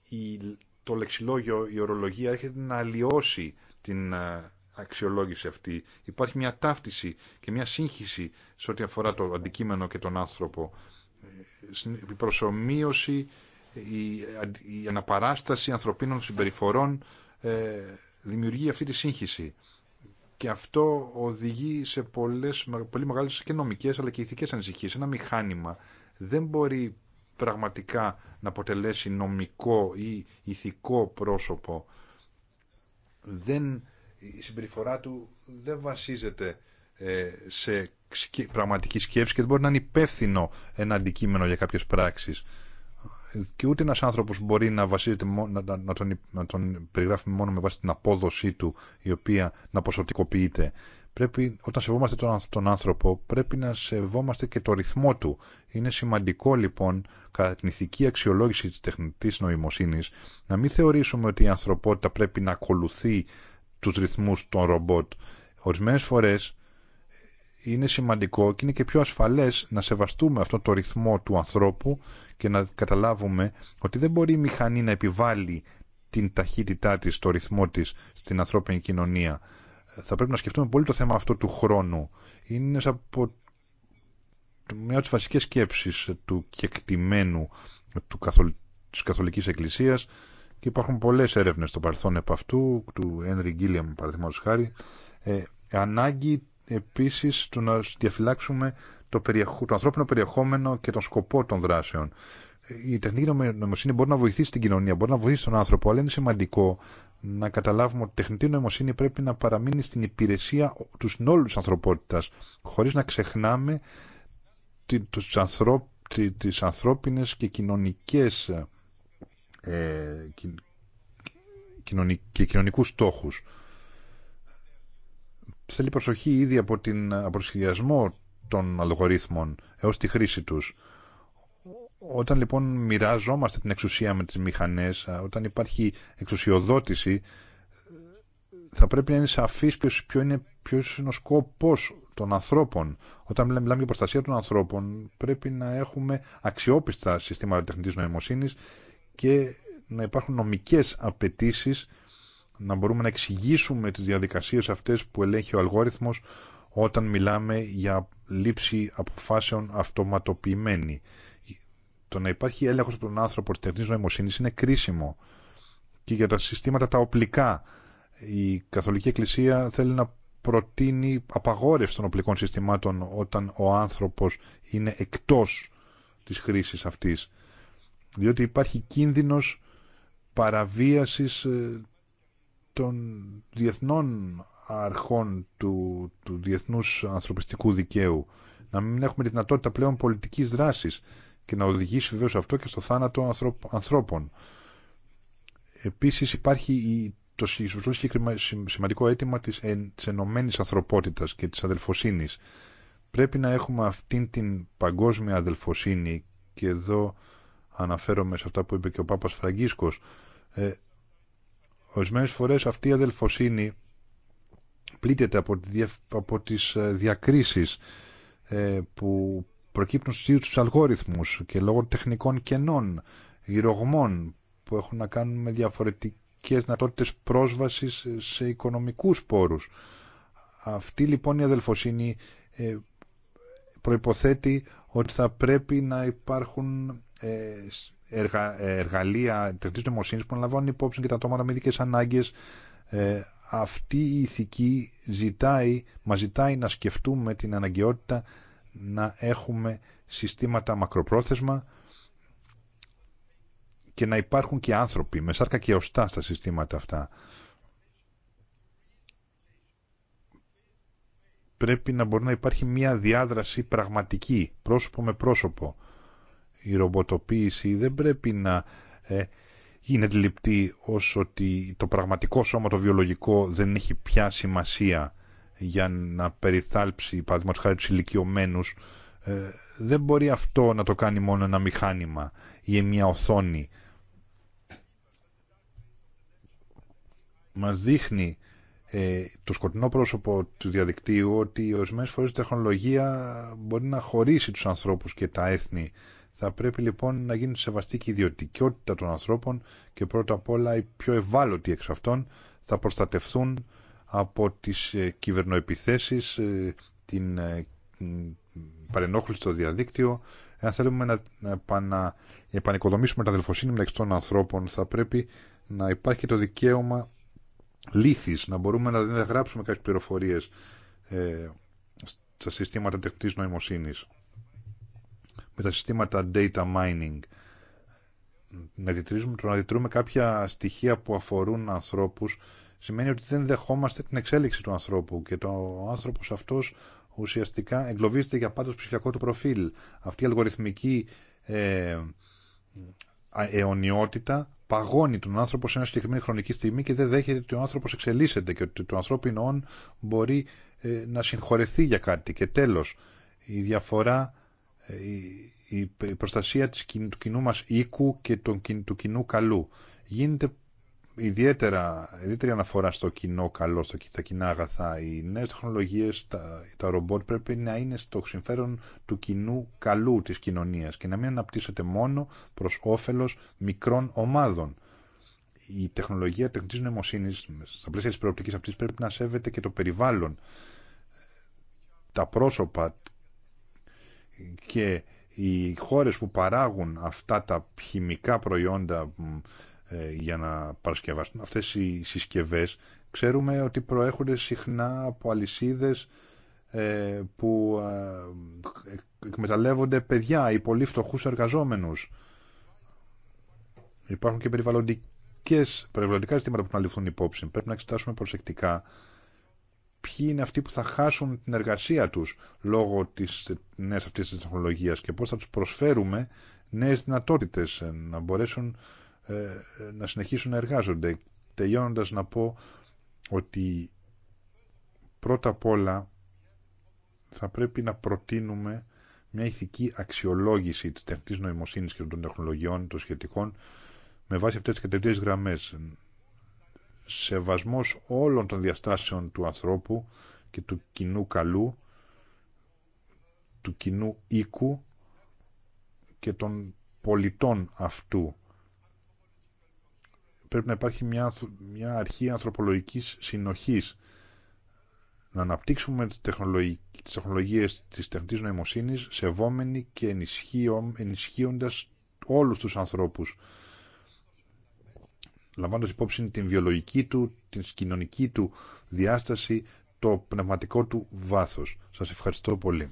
η, το λεξιλόγιο, η ορολογία έρχεται να αλλοιώσει την ε, αξιολόγηση αυτή. Υπάρχει μια ταύτιση και μια σύγχυση σε ό,τι αφορά το αντικείμενο και τον άνθρωπο. Η προσωμείωση, η, η αναπαράσταση ανθρωπίνων συμπεριφορών ε, δημιουργεί αυτή τη σύγχυση. Και αυτό οδηγεί σε πολλές, πολύ μεγάλες και νομικέ, αλλά και ηθικές ανησυχίες. Ένα μηχάνημα δεν μπορεί πραγματικά να αποτελέσει νομικό ή ηθικό πρόσωπο. Δεν, η συμπεριφορά του δεν βασίζεται ε, σε πραγματική σκέψη και δεν μπορεί να είναι υπεύθυνο ένα αντικείμενο για κάποιες πράξεις και ούτε ένας άνθρωπος μπορεί να βασίζεται να, τον, να τον μόνο με βάση την απόδοσή του η οποία να ποσοτικοποιείται. Πρέπει, όταν σεβόμαστε τον, τον άνθρωπο πρέπει να σεβόμαστε και το ρυθμό του. Είναι σημαντικό λοιπόν κατά την ηθική αξιολόγηση της τεχνητής νοημοσύνης να μην θεωρήσουμε ότι η ανθρωπότητα πρέπει να ακολουθεί τους ρυθμούς των ρομπότ. Ορισμένες φορές είναι σημαντικό και είναι και πιο ασφαλές να σεβαστούμε αυτό το ρυθμό του ανθρώπου και να καταλάβουμε ότι δεν μπορεί η μηχανή να επιβάλλει την ταχύτητά της, το ρυθμό της στην ανθρώπινη κοινωνία. Θα πρέπει να σκεφτούμε πολύ το θέμα αυτό του χρόνου. Είναι από μια από τις βασικές σκέψεις του κεκτημένου του καθολ... της Καθολικής Εκκλησίας και υπάρχουν πολλές έρευνες στο παρελθόν επ' αυτού, του Henry Gilliam παραδείγματος χάρη, ε, ανάγκη επίσης το να διαφυλάξουμε το, το ανθρώπινο περιεχόμενο και τον σκοπό των δράσεων. Η τεχνητή νοημοσύνη μπορεί να βοηθήσει την κοινωνία, μπορεί να βοηθήσει τον άνθρωπο, αλλά είναι σημαντικό να καταλάβουμε ότι η τεχνητή νοημοσύνη πρέπει να παραμείνει στην υπηρεσία του συνόλου τη ανθρωπότητα, χωρίς να ξεχνάμε τι ανθρώπινε και κοινωνικέ ε, και κοινωνικούς στόχους θέλει προσοχή ήδη από, την, από των αλγορίθμων έως τη χρήση τους. Όταν λοιπόν μοιράζομαστε την εξουσία με τις μηχανές, όταν υπάρχει εξουσιοδότηση, θα πρέπει να είναι σαφής ποιος, ποιο είναι, ποιος είναι ο σκοπός των ανθρώπων. Όταν μιλάμε για προστασία των ανθρώπων, πρέπει να έχουμε αξιόπιστα συστήματα τεχνητής νοημοσύνης και να υπάρχουν νομικές απαιτήσει να μπορούμε να εξηγήσουμε τις διαδικασίες αυτές που ελέγχει ο αλγόριθμος όταν μιλάμε για λήψη αποφάσεων αυτοματοποιημένη. Το να υπάρχει έλεγχος από τον άνθρωπο της τεχνής νοημοσύνης είναι κρίσιμο και για τα συστήματα τα οπλικά. Η Καθολική Εκκλησία θέλει να προτείνει απαγόρευση των οπλικών συστημάτων όταν ο άνθρωπος είναι εκτός της χρήσης αυτής. Διότι υπάρχει κίνδυνος παραβίασης ε, των διεθνών αρχών του, του διεθνούς ανθρωπιστικού δικαίου. Να μην έχουμε τη δυνατότητα πλέον πολιτικής δράσης και να οδηγήσει βεβαίως αυτό και στο θάνατο ανθρώπων. Επίσης υπάρχει η, το σημαντικό αίτημα της, εν, ανθρωπότητας και της αδελφοσύνης. Πρέπει να έχουμε αυτήν την παγκόσμια αδελφοσύνη και εδώ αναφέρομαι σε αυτά που είπε και ο Πάπας Φραγκίσκος ε, ορισμένες φορές αυτή η αδελφοσύνη πλήττεται από, από τις ε, διακρίσεις ε, που προκύπτουν στους αλγόριθμους και λόγω τεχνικών κενών, γυρογμών που έχουν να κάνουν με διαφορετικές δυνατότητε πρόσβασης σε οικονομικούς πόρους. Αυτή λοιπόν η αδελφοσύνη ε, προϋποθέτει ότι θα πρέπει να υπάρχουν εργα, ε, εργαλεία τεχνητή νοημοσύνη που αναλαμβάνουν υπόψη και τα ατόματα με ειδικέ ανάγκε. Ε, αυτή η ηθική ζητάει, μα ζητάει να σκεφτούμε την αναγκαιότητα να έχουμε συστήματα μακροπρόθεσμα και να υπάρχουν και άνθρωποι με σάρκα και οστά στα συστήματα αυτά. Πρέπει να μπορεί να υπάρχει μια διάδραση πραγματική, πρόσωπο με πρόσωπο η ρομποτοποίηση δεν πρέπει να ε, γίνεται λειπτή ως ότι το πραγματικό σώμα το βιολογικό δεν έχει πια σημασία για να περιθάλψει παραδείγματος χάρη τους ηλικιωμένους ε, δεν μπορεί αυτό να το κάνει μόνο ένα μηχάνημα ή μια οθόνη μας δείχνει ε, το σκοτεινό πρόσωπο του διαδικτύου ότι ορισμένε φορές η τεχνολογία μπορεί να χωρίσει τους ανθρώπους και τα έθνη θα πρέπει λοιπόν να γίνει σεβαστή και η ιδιωτικότητα των ανθρώπων και πρώτα απ' όλα οι πιο ευάλωτοι εξ αυτών θα προστατευθούν από τις ε, κυβερνοεπιθέσεις, ε, την ε, παρενόχληση στο διαδίκτυο. Αν θέλουμε να, επανεκοδομήσουμε τα αδελφοσύνη μεταξύ των ανθρώπων θα πρέπει να υπάρχει το δικαίωμα λύθης, να μπορούμε να γράψουμε κάποιες πληροφορίες στα συστήματα τεχνητής νοημοσύνης με τα συστήματα data mining. Να διτρήσουμε, το να διτρούμε κάποια στοιχεία που αφορούν ανθρώπους σημαίνει ότι δεν δεχόμαστε την εξέλιξη του ανθρώπου και το, ο άνθρωπος αυτός ουσιαστικά εγκλωβίζεται για πάντως ψηφιακό του προφίλ. Αυτή η αλγοριθμική ε, αιωνιότητα παγώνει τον άνθρωπο σε ένα συγκεκριμένη χρονική στιγμή και δεν δέχεται ότι ο άνθρωπος εξελίσσεται και ότι το ανθρώπινο μπορεί ε, να συγχωρεθεί για κάτι. Και τέλος, η διαφορά ε, η προστασία της, του κοινού μας οίκου και του κοινού καλού. Γίνεται ιδιαίτερα, ιδιαίτερη αναφορά στο κοινό καλό, στο, στα κοινά αγαθά. Οι νέες τεχνολογίες, τα, τα ρομπότ πρέπει να είναι στο συμφέρον του κοινού καλού της κοινωνίας και να μην αναπτύσσεται μόνο προς όφελος μικρών ομάδων. Η τεχνολογία τεχνητής νοημοσύνης στα πλαίσια της προοπτικής αυτής πρέπει να σέβεται και το περιβάλλον τα πρόσωπα, και οι χώρες που παράγουν αυτά τα χημικά προϊόντα ε, για να παρασκευάσουν αυτές οι συσκευές ξέρουμε ότι προέρχονται συχνά από αλυσίδες ε, που ε, εκμεταλλεύονται παιδιά ή πολύ φτωχούς εργαζόμενους. Υπάρχουν και περιβαλλοντικές, περιβαλλοντικά ζητήματα που να ληφθούν υπόψη. Πρέπει να εξετάσουμε προσεκτικά ποιοι είναι αυτοί που θα χάσουν την εργασία τους λόγω της νέας αυτής της τεχνολογίας και πώς θα τους προσφέρουμε νέες δυνατότητες ε, να μπορέσουν ε, να συνεχίσουν να εργάζονται. Τελειώνοντας να πω ότι πρώτα απ' όλα θα πρέπει να προτείνουμε μια ηθική αξιολόγηση της τεχνητής νοημοσύνης και των τεχνολογιών των σχετικών με βάση αυτές τις κατευθύνσεις γραμμές σεβασμός όλων των διαστάσεων του ανθρώπου και του κοινού καλού, του κοινού οίκου και των πολιτών αυτού. Πρέπει να υπάρχει μια, μια αρχή ανθρωπολογικής συνοχής. Να αναπτύξουμε τις, τις τεχνολογίες της τεχνητής νοημοσύνης σεβόμενοι και ενισχύοντας όλους τους ανθρώπους λαμβάνοντας υπόψη την βιολογική του, την κοινωνική του διάσταση, το πνευματικό του βάθος. Σας ευχαριστώ πολύ.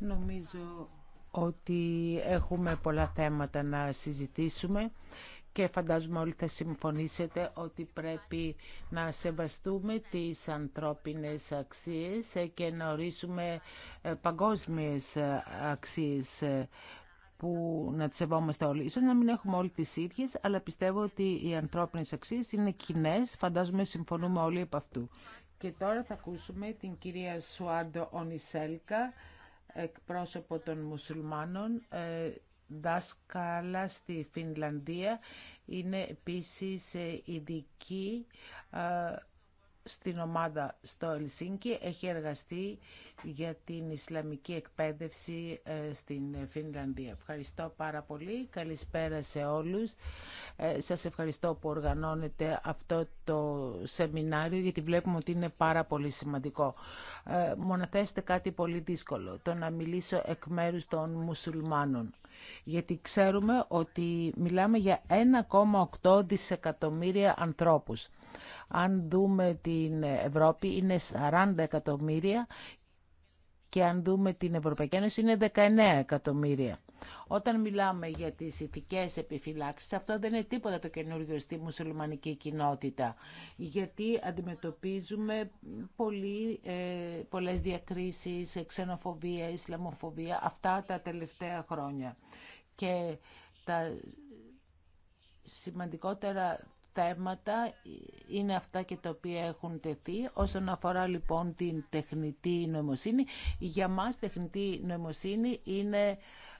Νομίζω ότι έχουμε πολλά θέματα να συζητήσουμε και φαντάζομαι όλοι θα συμφωνήσετε ότι πρέπει να σεβαστούμε τις ανθρώπινες αξίες και να ορίσουμε ε, παγκόσμιες ε, αξίες ε, που να τις σεβόμαστε όλοι. Ίσως να μην έχουμε όλοι τις ίδιες, αλλά πιστεύω ότι οι ανθρώπινες αξίες είναι κοινέ, φαντάζομαι συμφωνούμε όλοι από αυτού. Και τώρα θα ακούσουμε την κυρία Σουάντο Ονισέλκα, εκπρόσωπο των μουσουλμάνων, δάσκαλα στη Φινλανδία. Είναι επίσης ε, ειδική ε, στην ομάδα στο Ελσίνκι. Έχει εργαστεί για την Ισλαμική εκπαίδευση ε, στην Φινλανδία. Ευχαριστώ πάρα πολύ. Καλησπέρα σε όλους. Σας ευχαριστώ που οργανώνετε αυτό το σεμινάριο γιατί βλέπουμε ότι είναι πάρα πολύ σημαντικό. Μοναθέστε κάτι πολύ δύσκολο, το να μιλήσω εκ μέρους των μουσουλμάνων γιατί ξέρουμε ότι μιλάμε για 1,8 δισεκατομμύρια ανθρώπους. Αν δούμε την Ευρώπη είναι 40 εκατομμύρια και αν δούμε την Ευρωπαϊκή Ένωση είναι 19 εκατομμύρια. Όταν μιλάμε για τις ηθικές επιφυλάξεις, αυτό δεν είναι τίποτα το καινούργιο στη μουσουλμανική κοινότητα, γιατί αντιμετωπίζουμε πολύ, ε, πολλές διακρίσεις, ξενοφοβία, ισλαμοφοβία, αυτά τα τελευταία χρόνια. Και τα σημαντικότερα θέματα είναι αυτά και τα οποία έχουν τεθεί. Όσον αφορά λοιπόν την τεχνητή νοημοσύνη, για μας τεχνητή νοημοσύνη είναι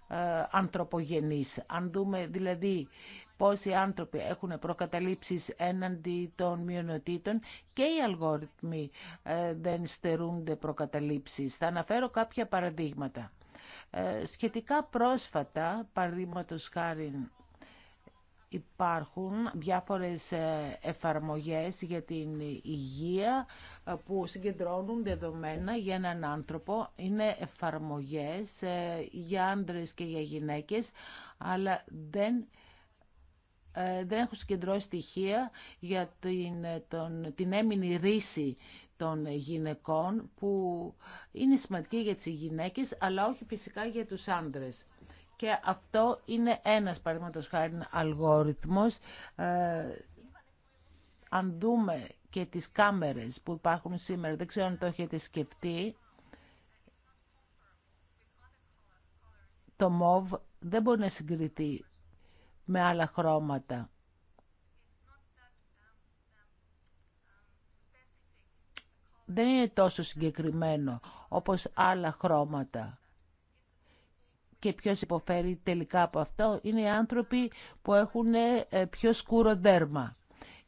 ε, ανθρωπογενής. Αν δούμε δηλαδή πόσοι άνθρωποι έχουν προκαταλήψεις έναντι των μειονοτήτων και οι αλγόριθμοι ε, δεν στερούνται προκαταλήψεις. Θα αναφέρω κάποια παραδείγματα. Ε, σχετικά πρόσφατα, παραδείγματος χάρη Υπάρχουν διάφορες ε, εφαρμογές για την υγεία ε, που συγκεντρώνουν δεδομένα για έναν άνθρωπο. Είναι εφαρμογές ε, για άντρες και για γυναίκες, αλλά δεν δεν έχουν συγκεντρώσει στοιχεία για την, τον, την έμεινη ρίση των γυναικών που είναι σημαντική για τις γυναίκες αλλά όχι φυσικά για τους άντρες. Και αυτό είναι ένας παραδείγματος χάρη αλγόριθμος. Ε, αν δούμε και τις κάμερες που υπάρχουν σήμερα, δεν ξέρω αν το έχετε σκεφτεί, το μοβ δεν μπορεί να συγκριθεί με άλλα χρώματα. Δεν είναι τόσο συγκεκριμένο όπως άλλα χρώματα και ποιος υποφέρει τελικά από αυτό είναι οι άνθρωποι που έχουν ε, πιο σκούρο δέρμα.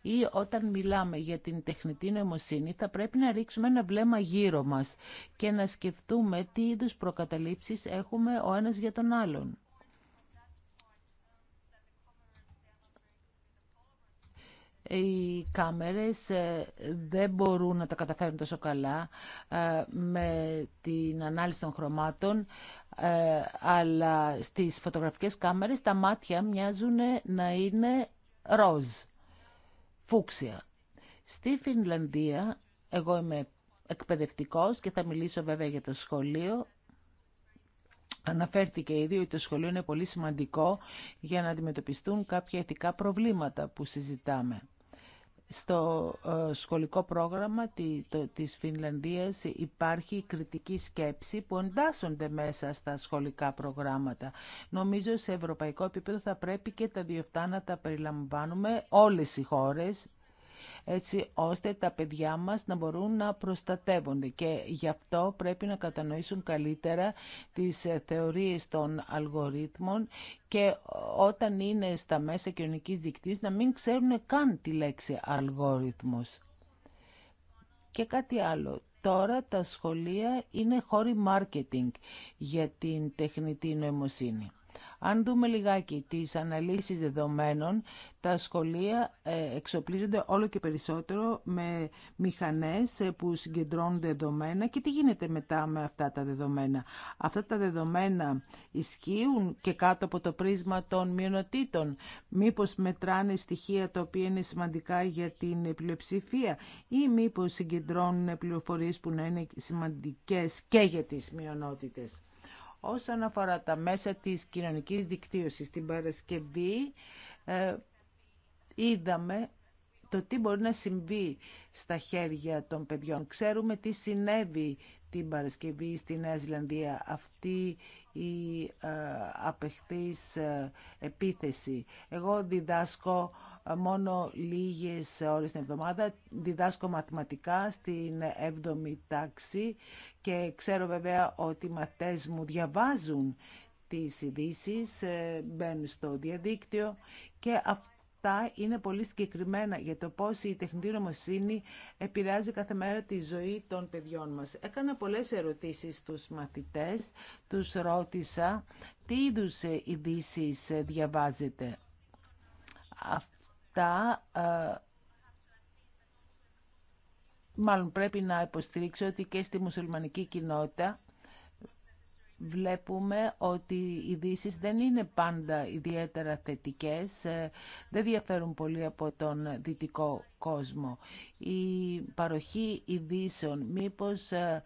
Ή όταν μιλάμε για την τεχνητή νοημοσύνη θα πρέπει να ρίξουμε ένα βλέμμα γύρω μας και να σκεφτούμε τι είδους προκαταλήψεις έχουμε ο ένας για τον άλλον. οι κάμερες ε, δεν μπορούν να τα καταφέρουν τόσο καλά ε, με την ανάλυση των χρωμάτων, ε, αλλά στις φωτογραφικές κάμερες τα μάτια μοιάζουν να είναι ροζ, φούξια. Στη Φινλανδία, εγώ είμαι εκπαιδευτικός και θα μιλήσω βέβαια για το σχολείο, Αναφέρθηκε ήδη ότι το σχολείο είναι πολύ σημαντικό για να αντιμετωπιστούν κάποια ηθικά προβλήματα που συζητάμε. Στο ε, σχολικό πρόγραμμα της Φινλανδίας υπάρχει κριτική σκέψη που εντάσσονται μέσα στα σχολικά προγράμματα. Νομίζω σε ευρωπαϊκό επίπεδο θα πρέπει και τα δύο να τα περιλαμβάνουμε όλες οι χώρες, έτσι ώστε τα παιδιά μας να μπορούν να προστατεύονται και γι' αυτό πρέπει να κατανοήσουν καλύτερα τις ε, θεωρίες των αλγορίθμων και όταν είναι στα μέσα κοινωνικής δικτύωσης να μην ξέρουν καν τη λέξη αλγόριθμος. Και κάτι άλλο. Τώρα τα σχολεία είναι χώροι marketing για την τεχνητή νοημοσύνη. Αν δούμε λιγάκι τις αναλύσεις δεδομένων, τα σχολεία ε, εξοπλίζονται όλο και περισσότερο με μηχανές ε, που συγκεντρώνουν δεδομένα και τι γίνεται μετά με αυτά τα δεδομένα. Αυτά τα δεδομένα ισχύουν και κάτω από το πρίσμα των μειονοτήτων. Μήπως μετράνε στοιχεία τα οποία είναι σημαντικά για την πλειοψηφία ή μήπως συγκεντρώνουν πληροφορίες που να είναι σημαντικές και για τις μειονότητες. Όσον αφορά τα μέσα της κοινωνικής δικτύωσης, την Παρασκευή ε, είδαμε το τι μπορεί να συμβεί στα χέρια των παιδιών. Ξέρουμε τι συνέβη την Παρασκευή στη Νέα Ζηλανδία αυτή η ε, απεχθής ε, επίθεση. Εγώ διδάσκω μόνο λίγες ώρες την εβδομάδα. Διδάσκω μαθηματικά στην 7η τάξη και ξέρω βέβαια ότι οι μαθητές μου διαβάζουν τις ειδήσει, ε, μπαίνουν στο διαδίκτυο και αυτά είναι πολύ συγκεκριμένα για το πώς η τεχνητή νομοσύνη επηρεάζει κάθε μέρα τη ζωή των παιδιών μας. Έκανα πολλές ερωτήσεις στους μαθητές, τους ρώτησα τι είδους ειδήσει ε, διαβάζετε αυτά ε, μάλλον πρέπει να υποστηρίξω ότι και στη μουσουλμανική κοινότητα βλέπουμε ότι οι ειδήσει δεν είναι πάντα ιδιαίτερα θετικές, ε, δεν διαφέρουν πολύ από τον δυτικό κόσμο. Η παροχή ειδήσεων, μήπως ε,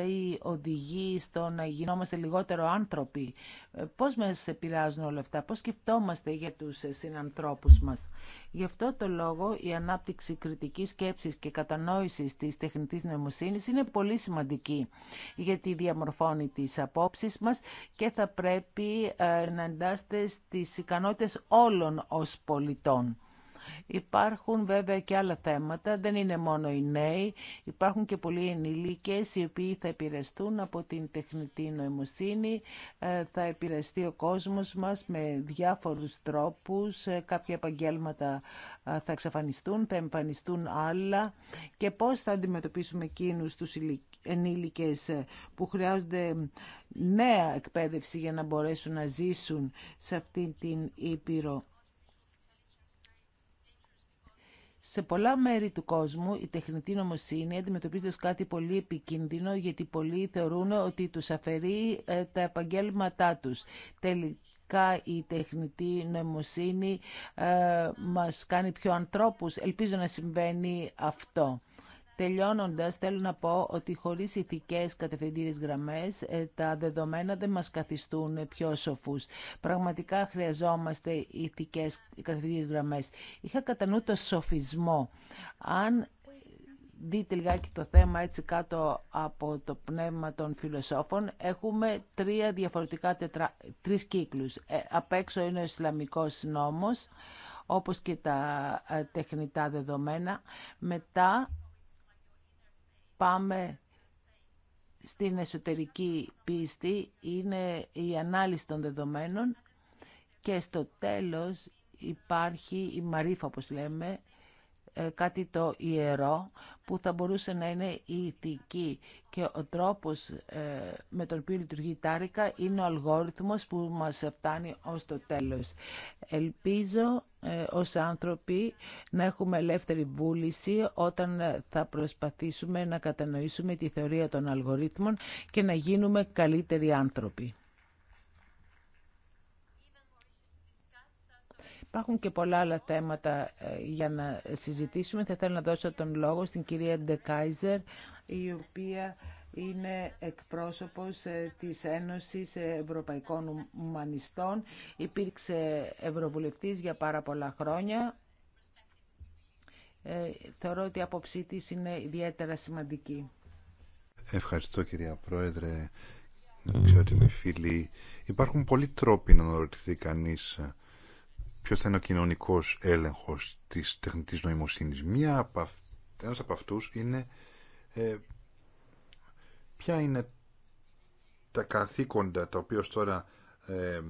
αυτή οδηγεί στο να γινόμαστε λιγότερο άνθρωποι. Ε, πώς μας επηρεάζουν όλα αυτά, πώς σκεφτόμαστε για τους συνανθρώπους μας. Γι' αυτό το λόγο η ανάπτυξη κριτικής σκέψης και κατανόησης της τεχνητής νοημοσύνης είναι πολύ σημαντική, γιατί διαμορφώνει τις απόψεις μας και θα πρέπει ε, να εντάσσεται στις ικανότητες όλων ως πολιτών. Υπάρχουν βέβαια και άλλα θέματα, δεν είναι μόνο οι νέοι. Υπάρχουν και πολλοί ενηλίκες οι οποίοι θα επηρεαστούν από την τεχνητή νοημοσύνη. Ε, θα επηρεαστεί ο κόσμος μας με διάφορους τρόπους. Ε, κάποια επαγγέλματα ε, θα εξαφανιστούν, θα εμφανιστούν άλλα. Και πώς θα αντιμετωπίσουμε εκείνους τους ενήλικες που χρειάζονται νέα εκπαίδευση για να μπορέσουν να ζήσουν σε αυτή την Ήπειρο. Σε πολλά μέρη του κόσμου η τεχνητή νομοσύνη αντιμετωπίζεται ως κάτι πολύ επικίνδυνο γιατί πολλοί θεωρούν ότι τους αφαιρεί ε, τα επαγγέλματά τους. Τελικά η τεχνητή νομοσύνη ε, μας κάνει πιο ανθρώπους. Ελπίζω να συμβαίνει αυτό. Τελειώνοντας, θέλω να πω ότι χωρίς ηθικές κατευθυντήριες γραμμές ε, τα δεδομένα δεν μας καθιστούν πιο σοφούς. Πραγματικά χρειαζόμαστε ηθικές κατευθυντήριες γραμμές. Είχα κατά νου το σοφισμό. Αν δείτε λιγάκι το θέμα έτσι κάτω από το πνεύμα των φιλοσόφων, έχουμε τρία διαφορετικά τετρα... τρεις κύκλους. Ε, απ' έξω είναι ο Ισλαμικός νόμος, όπως και τα ε, τεχνητά δεδομένα. Μετά πάμε στην εσωτερική πίστη είναι η ανάλυση των δεδομένων και στο τέλος υπάρχει η μαρίφα όπως λέμε ε, κάτι το ιερό που θα μπορούσε να είναι η ηθική και ο τρόπος ε, με τον οποίο λειτουργεί η Τάρικα είναι ο αλγόριθμος που μας φτάνει ως το τέλος. Ελπίζω ε, ως άνθρωποι να έχουμε ελεύθερη βούληση όταν θα προσπαθήσουμε να κατανοήσουμε τη θεωρία των αλγορίθμων και να γίνουμε καλύτεροι άνθρωποι. Υπάρχουν και πολλά άλλα θέματα ε, για να συζητήσουμε. Θα θέλω να δώσω τον λόγο στην κυρία Ντεκάιζερ, η οποία είναι εκπρόσωπος ε, της Ένωσης Ευρωπαϊκών Ουμανιστών. Υπήρξε ευρωβουλευτής για πάρα πολλά χρόνια. Ε, θεωρώ ότι η άποψή της είναι ιδιαίτερα σημαντική. Ευχαριστώ κυρία Πρόεδρε, την φίλη. Υπάρχουν πολλοί τρόποι να αναρωτηθεί κανείς ποιος θα είναι ο κοινωνικός έλεγχος της τεχνητής νοημοσύνης. Μία από, ένας από αυτούς είναι ε, ποια είναι τα καθήκοντα τα οποία τώρα ε,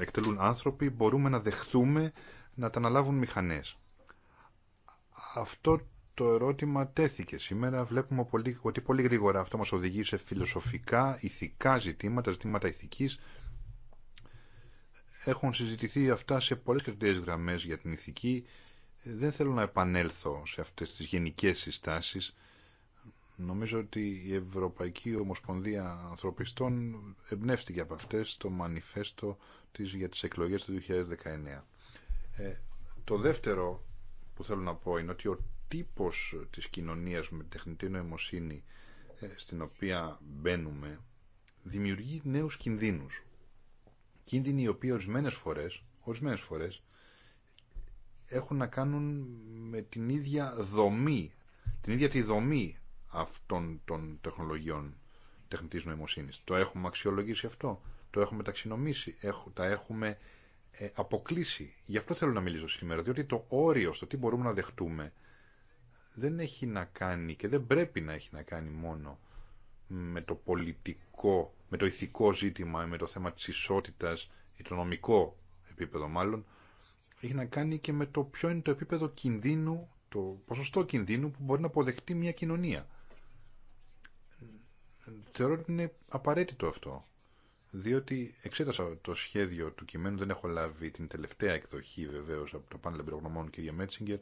εκτελούν άνθρωποι μπορούμε να δεχθούμε να τα αναλάβουν μηχανές. Αυτό το ερώτημα τέθηκε σήμερα. Βλέπουμε πολύ, ότι πολύ γρήγορα αυτό μας οδηγεί σε φιλοσοφικά, ηθικά ζητήματα, ζητήματα ηθικής. Έχουν συζητηθεί αυτά σε πολλές κριτές γραμμές για την ηθική. Δεν θέλω να επανέλθω σε αυτές τις γενικές συστάσεις. Νομίζω ότι η Ευρωπαϊκή Ομοσπονδία Ανθρωπιστών εμπνεύστηκε από αυτές στο μανιφέστο της για τις εκλογές του 2019. Ε, το δεύτερο που θέλω να πω είναι ότι ο τύπος της κοινωνίας με τεχνητή νοημοσύνη ε, στην οποία μπαίνουμε δημιουργεί νέους κινδύνους κίνδυνοι οι οποίοι ορισμένε φορές, ορισμένες φορές έχουν να κάνουν με την ίδια δομή, την ίδια τη δομή αυτών των τεχνολογιών τεχνητής νοημοσύνης. Το έχουμε αξιολογήσει αυτό, το έχουμε ταξινομήσει, τα έχουμε ε, αποκλείσει. Γι' αυτό θέλω να μιλήσω σήμερα, διότι το όριο στο τι μπορούμε να δεχτούμε δεν έχει να κάνει και δεν πρέπει να έχει να κάνει μόνο με το πολιτικό με το ηθικό ζήτημα, με το θέμα της ισότητας, ή το νομικό επίπεδο μάλλον, έχει να κάνει και με το ποιο είναι το επίπεδο κινδύνου, το ποσοστό κινδύνου που μπορεί να αποδεχτεί μια κοινωνία. Θεωρώ ότι είναι απαραίτητο αυτό, διότι εξέτασα το σχέδιο του κειμένου, δεν έχω λάβει την τελευταία εκδοχή βεβαίως από το πάνελ εμπειρογνωμών κυρία Μέτσιγκερ,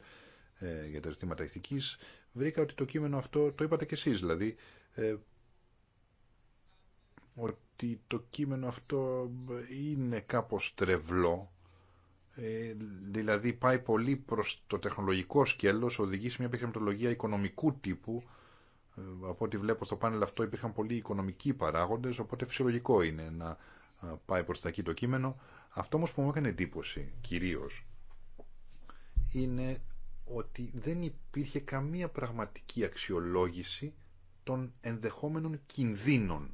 ε, για τα ζητήματα ηθικής, βρήκα ότι το κείμενο αυτό, το είπατε κι εσείς δηλαδή, ε, ότι το κείμενο αυτό είναι κάπως τρευλό, ε, δηλαδή πάει πολύ προς το τεχνολογικό σκέλος, οδηγεί σε μια επιχειρηματολογία οικονομικού τύπου, ε, από ό,τι βλέπω στο πάνελ αυτό υπήρχαν πολλοί οικονομικοί παράγοντες, οπότε φυσιολογικό είναι να ε, πάει προς τα εκεί το κείμενο. Αυτό όμως που μου έκανε εντύπωση, κυρίως, είναι ότι δεν υπήρχε καμία πραγματική αξιολόγηση των ενδεχόμενων κινδύνων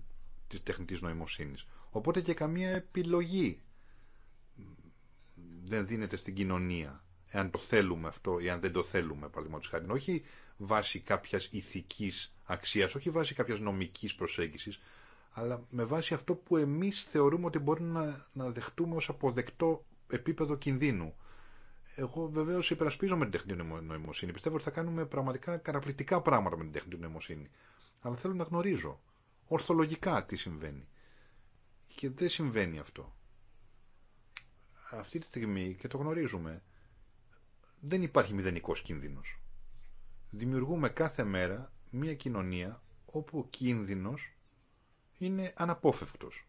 της τεχνητής νοημοσύνης. Οπότε και καμία επιλογή δεν δίνεται στην κοινωνία. Εάν το θέλουμε αυτό ή αν δεν το θέλουμε, παραδείγματος χάρη. Όχι βάσει κάποιας ηθικής αξίας, όχι βάσει κάποιας νομικής προσέγγισης, αλλά με βάση αυτό που εμείς θεωρούμε ότι μπορεί να, να δεχτούμε ως αποδεκτό επίπεδο κινδύνου. Εγώ βεβαίω υπερασπίζομαι την τεχνητή νοημοσύνη. Πιστεύω ότι θα κάνουμε πραγματικά καταπληκτικά πράγματα με την τεχνητή νοημοσύνη. Αλλά θέλω να γνωρίζω ορθολογικά τι συμβαίνει. Και δεν συμβαίνει αυτό. Αυτή τη στιγμή, και το γνωρίζουμε, δεν υπάρχει μηδενικός κίνδυνος. Δημιουργούμε κάθε μέρα μια κοινωνία όπου ο κίνδυνος είναι αναπόφευκτος.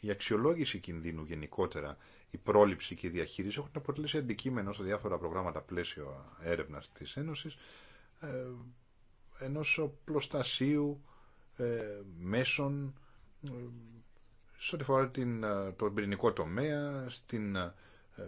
Η αξιολόγηση κινδύνου γενικότερα, η πρόληψη και η διαχείριση έχουν αποτελέσει αντικείμενο σε διάφορα προγράμματα πλαίσιο έρευνας της Ένωσης, ε, ενός οπλοστασίου ε, μέσων ε, σε ό,τι φορά την, ε, το πυρηνικό τομέα, στην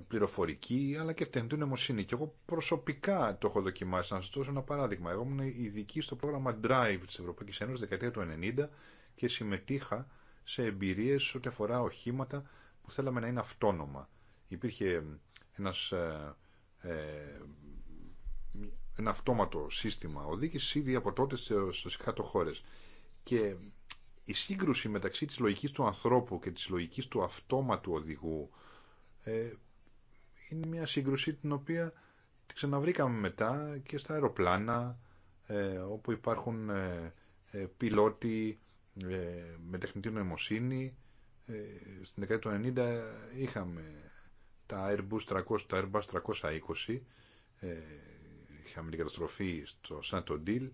πληροφορική, αλλά και στην νομοσύνη. Και εγώ προσωπικά το έχω δοκιμάσει. Να σα δώσω ένα παράδειγμα. Εγώ ήμουν ειδική στο πρόγραμμα Drive τη Ευρωπαϊκή Ένωση δεκαετία του 90 και συμμετείχα σε εμπειρίε ό,τι αφορά οχήματα που θέλαμε να είναι αυτόνομα. Υπήρχε ένας, ένα αυτόματο σύστημα οδήγηση ήδη από τότε στι 100 χώρε. Και η σύγκρουση μεταξύ της λογικής του ανθρώπου και της λογικής του αυτόματου οδηγού ε, είναι μια σύγκρουση την οποία τη ξαναβρήκαμε μετά και στα αεροπλάνα ε, όπου υπάρχουν ε, πιλότοι με τεχνητή νοημοσύνη στην δεκαετία του 90 είχαμε τα Airbus 300, τα Airbus 320 είχαμε την καταστροφή στο Σαντοντήλ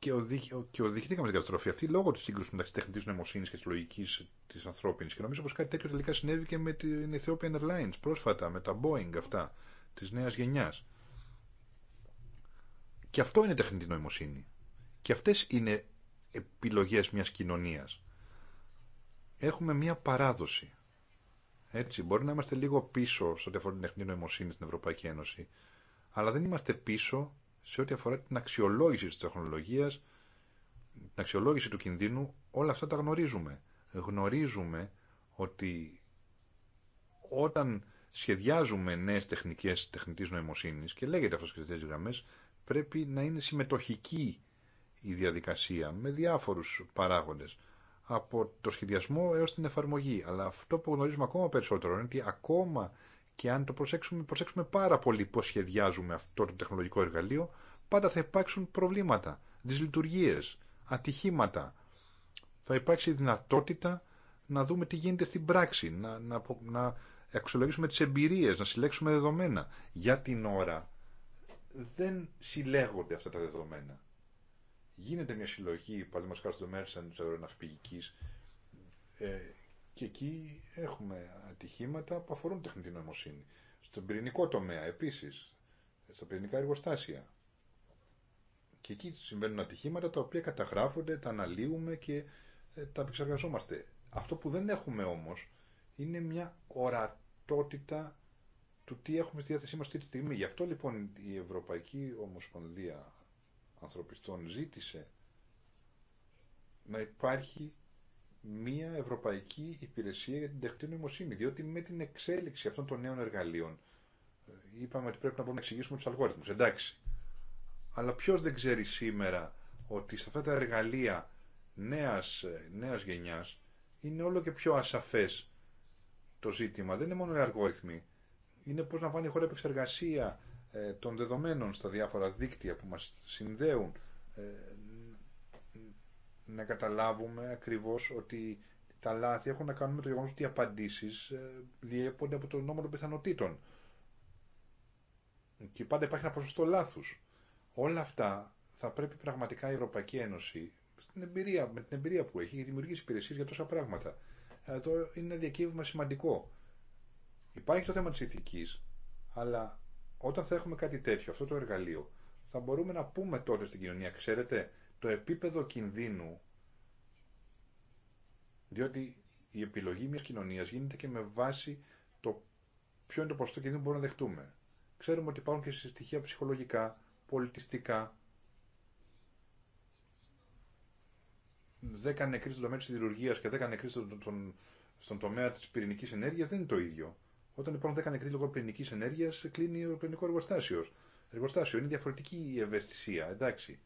και, οδηγη, και οδηγηθήκαμε στην καταστροφή αυτή λόγω τη σύγκρουση μεταξύ τεχνητή νοημοσύνη και τη λογική τη ανθρώπινη. Και νομίζω πω κάτι τέτοιο τελικά συνέβη και με την Ethiopian Airlines πρόσφατα, με τα Boeing αυτά τη νέα γενιά. Και αυτό είναι τεχνητή νοημοσύνη. Και αυτέ είναι επιλογέ μια κοινωνία. Έχουμε μια παράδοση. Έτσι, μπορεί να είμαστε λίγο πίσω στον ό,τι αφορά την τεχνητή νοημοσύνη στην Ευρωπαϊκή Ένωση, αλλά δεν είμαστε πίσω σε ό,τι αφορά την αξιολόγηση της τεχνολογίας, την αξιολόγηση του κινδύνου, όλα αυτά τα γνωρίζουμε. Γνωρίζουμε ότι όταν σχεδιάζουμε νέες τεχνικές τεχνητής νοημοσύνης και λέγεται αυτό στις γραμμές, πρέπει να είναι συμμετοχική η διαδικασία με διάφορους παράγοντες από το σχεδιασμό έως την εφαρμογή. Αλλά αυτό που γνωρίζουμε ακόμα περισσότερο είναι ότι ακόμα και αν το προσέξουμε, προσέξουμε πάρα πολύ πώς σχεδιάζουμε αυτό το τεχνολογικό εργαλείο, πάντα θα υπάρξουν προβλήματα, δυσλειτουργίε, ατυχήματα. Θα υπάρξει δυνατότητα να δούμε τι γίνεται στην πράξη, να, να, να αξιολογήσουμε τις εμπειρίες, να συλλέξουμε δεδομένα. Για την ώρα δεν συλλέγονται αυτά τα δεδομένα. Γίνεται μια συλλογή, παραδείγματο χάρη στο μέρο τη αεροναυπηγική, και εκεί έχουμε ατυχήματα που αφορούν τεχνητή νοημοσύνη. Στον πυρηνικό τομέα επίσης, στα πυρηνικά εργοστάσια. Και εκεί συμβαίνουν ατυχήματα τα οποία καταγράφονται, τα αναλύουμε και ε, τα επεξεργαζόμαστε. Αυτό που δεν έχουμε όμως είναι μια ορατότητα του τι έχουμε στη διάθεσή μα αυτή τη στιγμή. Γι' αυτό λοιπόν η Ευρωπαϊκή Ομοσπονδία Ανθρωπιστών ζήτησε να υπάρχει μια ευρωπαϊκή υπηρεσία για την τεχνητή νοημοσύνη. Διότι με την εξέλιξη αυτών των νέων εργαλείων, ε, είπαμε ότι πρέπει να μπορούμε να εξηγήσουμε του αλγόριθμου. Εντάξει. Αλλά ποιο δεν ξέρει σήμερα ότι σε αυτά τα εργαλεία νέας, ε, νέας γενιάς είναι όλο και πιο ασαφές το ζήτημα. Δεν είναι μόνο οι αλγόριθμοι. Είναι πώς να πάνε η χώρα επεξεργασία ε, των δεδομένων στα διάφορα δίκτυα που μας συνδέουν να καταλάβουμε ακριβώς ότι τα λάθη έχουν να κάνουν με το γεγονό ότι οι απαντήσει ε, διέπονται από τον νόμο των πιθανότητων. Και πάντα υπάρχει ένα ποσοστό λάθου. Όλα αυτά θα πρέπει πραγματικά η Ευρωπαϊκή Ένωση στην εμπειρία, με την εμπειρία που έχει, έχει δημιουργήσει υπηρεσίε για τόσα πράγματα. Ε, είναι ένα διακύβευμα σημαντικό. Υπάρχει το θέμα τη ηθικής, αλλά όταν θα έχουμε κάτι τέτοιο, αυτό το εργαλείο, θα μπορούμε να πούμε τότε στην κοινωνία, ξέρετε, το επίπεδο κινδύνου διότι η επιλογή μιας κοινωνίας γίνεται και με βάση το ποιο είναι το ποσοστό κινδύνου που μπορούμε να δεχτούμε. Ξέρουμε ότι υπάρχουν και στοιχεία ψυχολογικά, πολιτιστικά. Δέκα νεκροί στον τομέα της δημιουργίας και δέκα νεκροί στον, στον, τομέα της πυρηνικής ενέργειας δεν είναι το ίδιο. Όταν υπάρχουν δέκα νεκροί λόγω πυρηνική ενέργεια, κλείνει ο πυρηνικό εργοστάσιο. Εργοστάσιο είναι διαφορετική η ευαισθησία, εντάξει.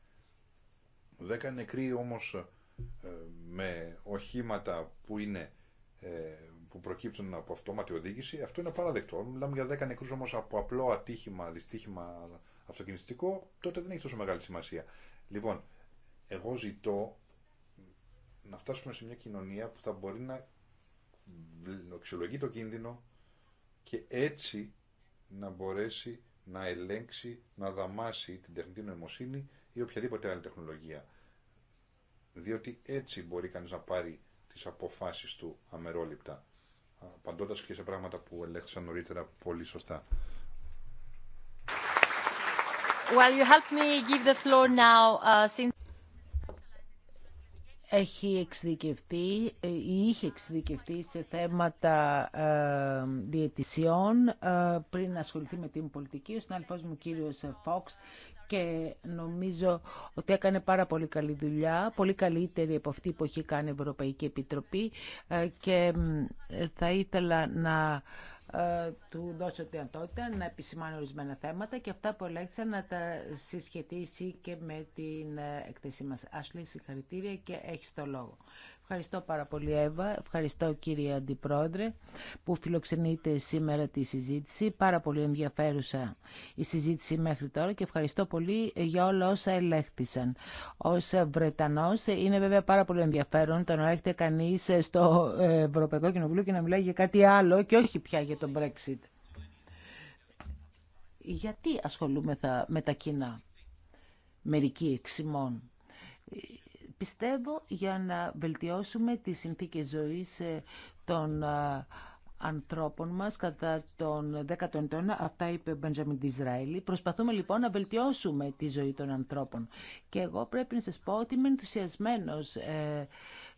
10 νεκροί όμως ε, με οχήματα που είναι ε, που προκύπτουν από αυτόματη οδήγηση, αυτό είναι παραδεκτό. Μιλάμε για 10 νεκρούς όμως από απλό ατύχημα, δυστύχημα αυτοκινηστικό, τότε δεν έχει τόσο μεγάλη σημασία. Λοιπόν, εγώ ζητώ να φτάσουμε σε μια κοινωνία που θα μπορεί να αξιολογεί το κίνδυνο και έτσι να μπορέσει να ελέγξει, να δαμάσει την τεχνητή νοημοσύνη ή οποιαδήποτε άλλη τεχνολογία. Διότι έτσι μπορεί κανείς να πάρει τις αποφάσεις του αμερόληπτα, απαντώντας και σε πράγματα που ελέγχθησαν νωρίτερα πολύ σωστά. Well, you help me give the floor now, uh, since... Έχει εξειδικευτεί ε, ή είχε εξειδικευτεί σε θέματα ε, διαιτησιών ε, πριν ασχοληθεί με την πολιτική. Ο συνάδελφός μου κύριος Φόξ και νομίζω ότι έκανε πάρα πολύ καλή δουλειά, πολύ καλύτερη από αυτή που έχει κάνει η Ευρωπαϊκή Επιτροπή ε, και θα ήθελα να ε, του δώσω την ατότητα να επισημάνει ορισμένα θέματα και αυτά που ελέγξα να τα συσχετίσει και με την ε, εκθεσή μας. Άσλη, συγχαρητήρια και έχεις το λόγο. Ευχαριστώ πάρα πολύ Εύα, ευχαριστώ κύριε Αντιπρόεδρε που φιλοξενείτε σήμερα τη συζήτηση. Πάρα πολύ ενδιαφέρουσα η συζήτηση μέχρι τώρα και ευχαριστώ πολύ για όλα όσα ελέγχθησαν. Ως Βρετανός είναι βέβαια πάρα πολύ ενδιαφέρον το να έρχεται κανείς στο Ευρωπαϊκό Κοινοβούλιο και να μιλάει για κάτι άλλο και όχι πια για τον Brexit. Γιατί ασχολούμεθα με τα κοινά, μερικοί εξημών Πιστεύω για να βελτιώσουμε τις συνθήκες ζωής ε, των ε, ανθρώπων μας κατά τον 10 ο αιώνα, αυτά είπε ο Μπεντζαμιν τιζραηλη Προσπαθούμε λοιπόν να βελτιώσουμε τη ζωή των ανθρώπων. Και εγώ πρέπει να σας πω ότι είμαι ενθουσιασμένος ε,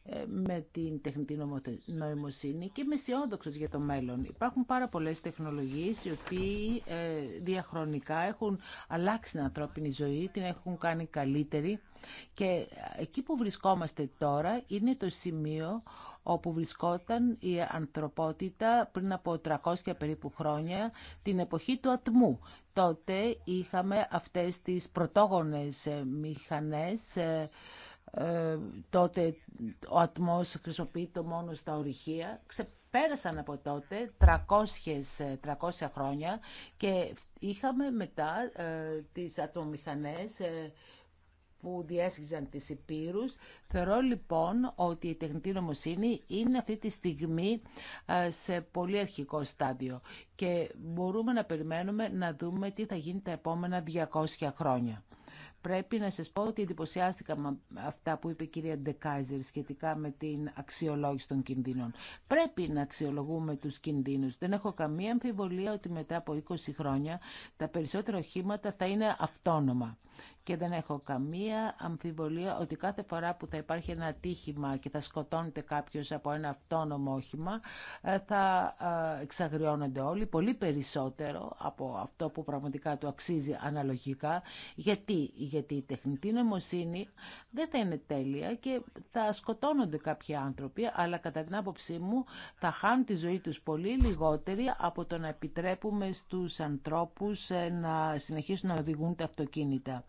ε, με την τεχνητή νοημοσύνη και είμαι αισιόδοξο για το μέλλον. Υπάρχουν πάρα πολλέ τεχνολογίε οι οποίοι ε, διαχρονικά έχουν αλλάξει την ανθρώπινη ζωή, την έχουν κάνει καλύτερη και ε, εκεί που βρισκόμαστε τώρα είναι το σημείο όπου βρισκόταν η ανθρωπότητα πριν από 300 περίπου χρόνια, την εποχή του ατμού. Τότε είχαμε αυτές τις πρωτόγονες μηχανές ε, τότε ο ατμός χρησιμοποιείται μόνο στα ορυχεία. Ξεπέρασαν από τότε 300, 300 ε, χρόνια και είχαμε μετά ε, τις ατμομηχανές που διέσχιζαν τις υπήρους. Θεωρώ λοιπόν ότι η τεχνητή νομοσύνη είναι αυτή τη στιγμή σε πολύ αρχικό στάδιο και μπορούμε να περιμένουμε να δούμε τι θα γίνει τα επόμενα 200 χρόνια πρέπει να σας πω ότι εντυπωσιάστηκα με αυτά που είπε η κυρία Ντεκάιζερ σχετικά με την αξιολόγηση των κινδύνων. Πρέπει να αξιολογούμε τους κινδύνους. Δεν έχω καμία αμφιβολία ότι μετά από 20 χρόνια τα περισσότερα οχήματα θα είναι αυτόνομα. Και δεν έχω καμία αμφιβολία ότι κάθε φορά που θα υπάρχει ένα ατύχημα και θα σκοτώνεται κάποιος από ένα αυτόνομο όχημα, ε, θα ε, εξαγριώνονται όλοι πολύ περισσότερο από αυτό που πραγματικά του αξίζει αναλογικά. Γιατί, Γιατί η τεχνητή νοημοσύνη δεν θα είναι τέλεια και θα σκοτώνονται κάποιοι άνθρωποι, αλλά κατά την άποψή μου θα χάνουν τη ζωή τους πολύ λιγότερη από το να επιτρέπουμε στους ανθρώπους ε, να συνεχίσουν να οδηγούν τα αυτοκίνητα.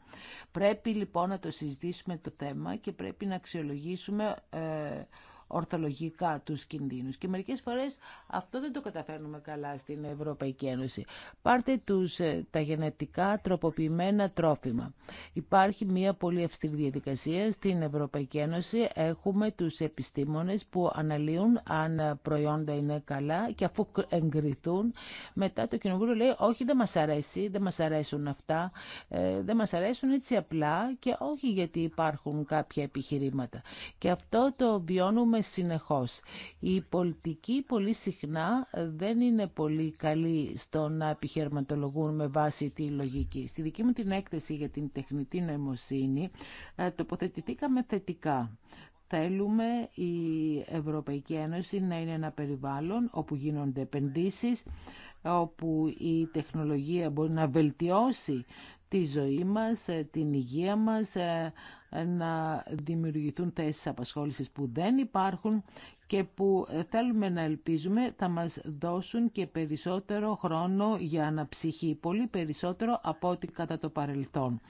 Πρέπει λοιπόν να το συζητήσουμε το θέμα και πρέπει να αξιολογήσουμε ε, ορθολογικά τους κινδύνους. Και μερικές φορές αυτό δεν το καταφέρνουμε καλά στην Ευρωπαϊκή Ένωση. Πάρτε τους, ε, τα γενετικά τροποποιημένα τρόφιμα. Υπάρχει μια πολύ αυστηρή διαδικασία στην Ευρωπαϊκή Ένωση. Έχουμε τους επιστήμονες που αναλύουν αν προϊόντα είναι καλά και αφού εγκριθούν μετά το κοινοβούλιο λέει όχι δεν μας αρέσει, δεν μας αρέσουν αυτά, ε, δεν μας αρέσουν έτσι απλά και όχι γιατί υπάρχουν κάποια επιχειρήματα. Και αυτό το βιώνουμε ακούμε συνεχώς. Η πολιτική πολύ συχνά δεν είναι πολύ καλή στο να επιχειρηματολογούν με βάση τη λογική. Στη δική μου την έκθεση για την τεχνητή νοημοσύνη ε, τοποθετηθήκαμε θετικά. Θέλουμε η Ευρωπαϊκή Ένωση να είναι ένα περιβάλλον όπου γίνονται επενδύσει, όπου η τεχνολογία μπορεί να βελτιώσει τη ζωή μας, ε, την υγεία μας, ε, να δημιουργηθούν θέσεις απασχόλησης που δεν υπάρχουν και που θέλουμε να ελπίζουμε θα μας δώσουν και περισσότερο χρόνο για αναψυχή, πολύ περισσότερο από ό,τι κατά το παρελθόν.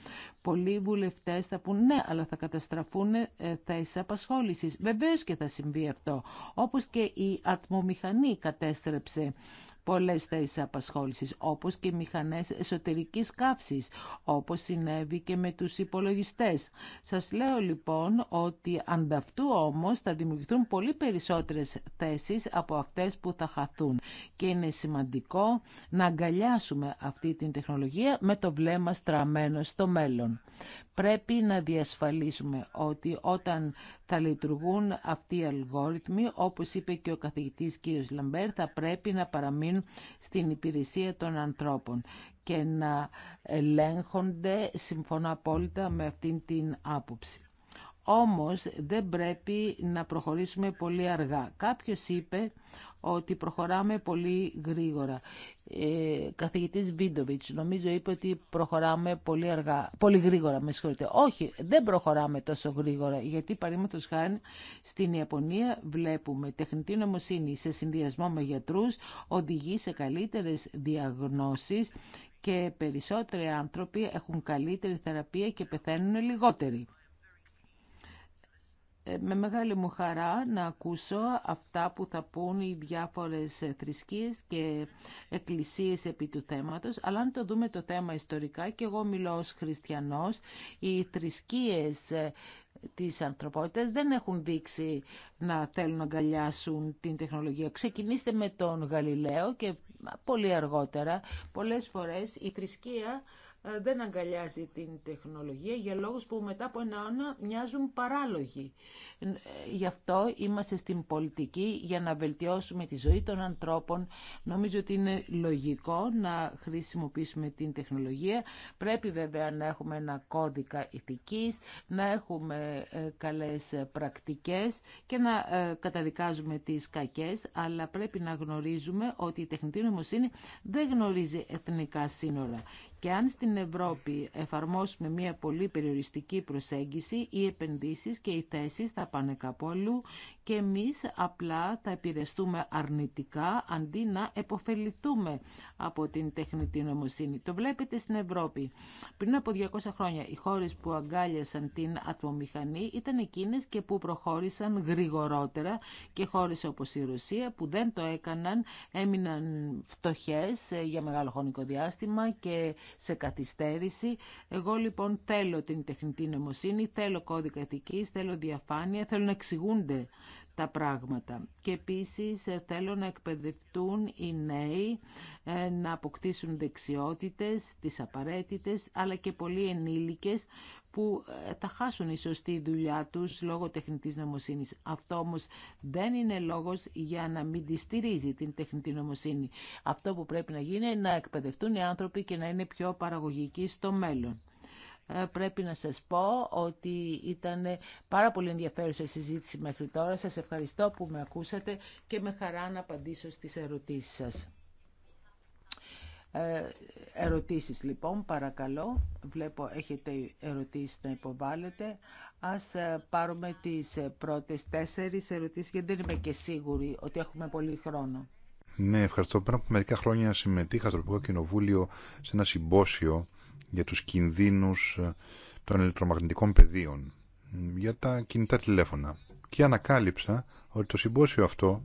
Πολλοί βουλευτές θα πούν ναι, αλλά θα καταστραφούν ε, θέσεις απασχόλησης. Βεβαίως και θα συμβεί αυτό, όπως και η ατμομηχανή κατέστρεψε πολλές θέσεις απασχόλησης, όπως και μηχανές εσωτερικής καύσης, όπως συνέβη και με τους υπολογιστές. Σας λέω λοιπόν ότι ανταυτού όμως θα δημιουργηθούν πολύ περισσότερες θέσεις από αυτές που θα χαθούν και είναι σημαντικό να αγκαλιάσουμε αυτή την τεχνολογία με το βλέμμα στραμμένο στο μέλλον. Πρέπει να διασφαλίσουμε ότι όταν θα λειτουργούν αυτοί οι αλγόριθμοι. Όπως είπε και ο καθηγητής κ. Λαμπέρ, θα πρέπει να παραμείνουν στην υπηρεσία των ανθρώπων και να ελέγχονται, συμφωνώ απόλυτα με αυτήν την άποψη. Όμως δεν πρέπει να προχωρήσουμε πολύ αργά. Κάποιος είπε ότι προχωράμε πολύ γρήγορα. Ε, καθηγητής Βίντοβιτς νομίζω είπε ότι προχωράμε πολύ, αργά, πολύ γρήγορα. Με συγχωρείτε. Όχι, δεν προχωράμε τόσο γρήγορα γιατί παραδείγματος χάρη στην Ιαπωνία βλέπουμε τεχνητή νομοσύνη σε συνδυασμό με γιατρούς οδηγεί σε καλύτερες διαγνώσεις και περισσότεροι άνθρωποι έχουν καλύτερη θεραπεία και πεθαίνουν λιγότεροι. Ε, με μεγάλη μου χαρά να ακούσω αυτά που θα πούν οι διάφορες θρησκείες και εκκλησίες επί του θέματος, αλλά αν το δούμε το θέμα ιστορικά, και εγώ μιλώ ως χριστιανός, οι θρησκείες ε, της ανθρωπότητας δεν έχουν δείξει να θέλουν να αγκαλιάσουν την τεχνολογία. Ξεκινήστε με τον Γαλιλαίο και πολύ αργότερα πολλές φορές η θρησκεία ε, δεν αγκαλιάζει την τεχνολογία για λόγους που μετά από ένα αιώνα μοιάζουν παράλογοι. Ε, γι' αυτό είμαστε στην πολιτική για να βελτιώσουμε τη ζωή των ανθρώπων. Νομίζω ότι είναι λογικό να χρησιμοποιήσουμε την τεχνολογία. Πρέπει βέβαια να έχουμε ένα κώδικα ηθικής, να έχουμε ε, καλές πρακτικές και να καταδικάζουμε τις κακές, αλλά πρέπει να γνωρίζουμε ότι η τεχνητή νοημοσύνη δεν γνωρίζει εθνικά σύνορα και αν στην Ευρώπη εφαρμόσουμε μια πολύ περιοριστική προσέγγιση, οι επενδύσεις και οι θέσεις θα πάνε κάπου και εμείς απλά θα επηρεστούμε αρνητικά αντί να επωφεληθούμε από την τεχνητή νομοσύνη. Το βλέπετε στην Ευρώπη. Πριν από 200 χρόνια οι χώρες που αγκάλιασαν την ατμομηχανή ήταν εκείνες και που προχώρησαν γρηγορότερα και χώρες όπως η Ρωσία που δεν το έκαναν έμειναν φτωχές για μεγάλο χρονικό διάστημα και σε καθυστέρηση. Εγώ λοιπόν θέλω την τεχνητή νομοσύνη, θέλω κώδικα ηθικής, θέλω διαφάνεια, θέλω να εξηγούνται τα πράγματα. Και επίσης ε, θέλω να εκπαιδευτούν οι νέοι ε, να αποκτήσουν δεξιότητες, τις απαραίτητες, αλλά και πολλοί ενήλικες που ε, θα χάσουν η σωστή δουλειά τους λόγω τεχνητής νομοσύνης. Αυτό όμως δεν είναι λόγος για να μην τη στηρίζει την τεχνητή νομοσύνη. Αυτό που πρέπει να γίνει είναι να εκπαιδευτούν οι άνθρωποι και να είναι πιο παραγωγικοί στο μέλλον. Ε, πρέπει να σας πω ότι ήταν πάρα πολύ ενδιαφέρουσα η συζήτηση μέχρι τώρα. Σας ευχαριστώ που με ακούσατε και με χαρά να απαντήσω στις ερωτήσεις σας. Ε, ερωτήσεις λοιπόν, παρακαλώ. Βλέπω έχετε ερωτήσεις να υποβάλλετε. Ας ε, πάρουμε τις ε, πρώτες τέσσερις ερωτήσεις, γιατί δεν είμαι και σίγουρη ότι έχουμε πολύ χρόνο. Ναι, ευχαριστώ. Πριν από μερικά χρόνια συμμετείχα στο Ευρωπαϊκό Κοινοβούλιο σε ένα συμπόσιο για τους κινδύνους ε, των ηλεκτρομαγνητικών πεδίων για τα κινητά τηλέφωνα. Και ανακάλυψα ότι το συμπόσιο αυτό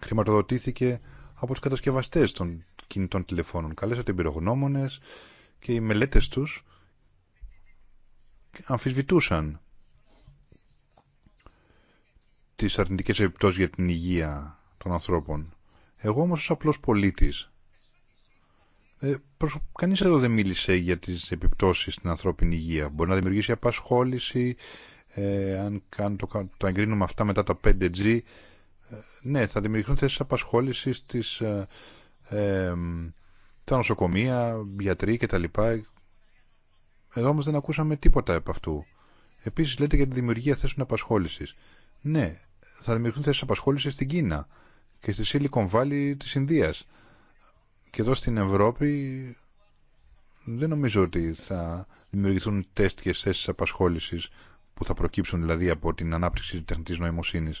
χρηματοδοτήθηκε από τους κατασκευαστές των κινητών τηλεφώνων. Καλέσατε εμπειρογνώμονες και οι μελέτες τους αμφισβητούσαν τις αρνητικές επιπτώσεις για την υγεία των ανθρώπων. Εγώ όμως ως απλός πολίτης ε, Κανείς εδώ δεν μίλησε για τις επιπτώσεις στην ανθρώπινη υγεία. Μπορεί να δημιουργήσει απασχόληση, ε, αν καν το, το εγκρίνουμε αυτά μετά τα 5G. Ε, ναι, θα δημιουργηθούν θέσεις απασχόλησης στις, ε, ε, τα νοσοκομεία, γιατροί κτλ. Εδώ όμως δεν ακούσαμε τίποτα από αυτού. Επίσης λέτε για τη δημιουργία θέσεων απασχόλησης. Ναι, θα δημιουργηθούν θέσεις απασχόλησης στην Κίνα και στη Silicon Valley της Ινδίας και εδώ στην Ευρώπη δεν νομίζω ότι θα δημιουργηθούν τεστ και θέσει απασχόληση που θα προκύψουν δηλαδή από την ανάπτυξη τη τεχνητή νοημοσύνη.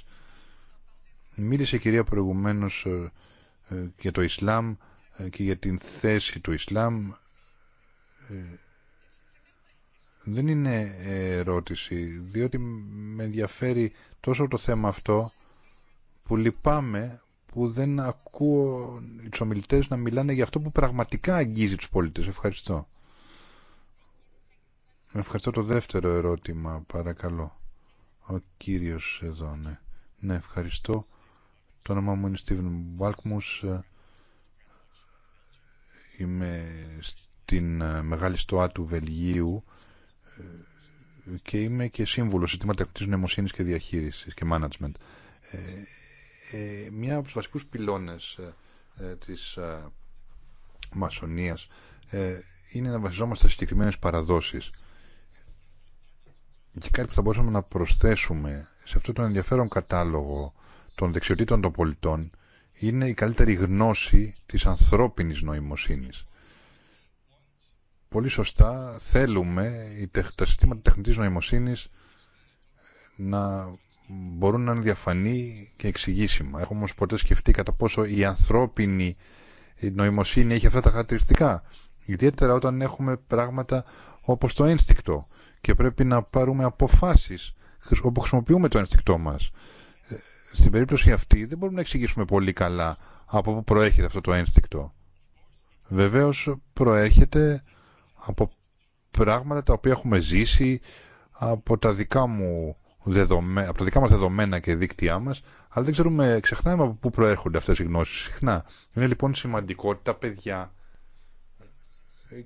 Μίλησε η κυρία προηγουμένω ε, ε, για το Ισλάμ ε, και για την θέση του Ισλάμ. Δεν είναι ερώτηση, διότι με ενδιαφέρει τόσο το θέμα αυτό που λυπάμαι που δεν ακούω του ομιλητέ να μιλάνε για αυτό που πραγματικά αγγίζει τους πολίτες. Ευχαριστώ. Ευχαριστώ το δεύτερο ερώτημα, παρακαλώ. Ο κύριος εδώ, ναι. Ναι, ευχαριστώ. Το όνομά μου είναι Στίβεν Μπάλκμους. Είμαι στην ε, Μεγάλη Στοά του Βελγίου ε, και είμαι και σύμβουλος ζητήματα της νοημοσύνης και διαχείρισης και management. Ε, ε, μια από τους βασικούς πυλώνες ε, ε, της μασονίας είναι να βασιζόμαστε σε συγκεκριμένε παραδόσεις και κάτι που θα μπορούσαμε να προσθέσουμε σε αυτόν τον ενδιαφέρον κατάλογο των δεξιοτήτων των πολιτών είναι η καλύτερη γνώση της ανθρώπινης νοημοσύνης. Πολύ σωστά θέλουμε τα συστήματα τεχνητής νοημοσύνης να μπορούν να είναι διαφανή και εξηγήσιμα. Έχουμε όμως ποτέ σκεφτεί κατά πόσο η ανθρώπινη νοημοσύνη έχει αυτά τα χαρακτηριστικά. Ιδιαίτερα όταν έχουμε πράγματα όπως το ένστικτο και πρέπει να πάρουμε αποφάσεις όπου χρησιμοποιούμε το ένστικτό μας. Ε, στην περίπτωση αυτή δεν μπορούμε να εξηγήσουμε πολύ καλά από πού προέρχεται αυτό το ένστικτο. Βεβαίως προέρχεται από πράγματα τα οποία έχουμε ζήσει, από τα δικά μου δεδομέ, από τα δικά μα δεδομένα και δίκτυά μας, αλλά δεν ξέρουμε, ξεχνάμε από πού προέρχονται αυτές οι γνώσεις συχνά. Είναι λοιπόν σημαντικό ότι τα παιδιά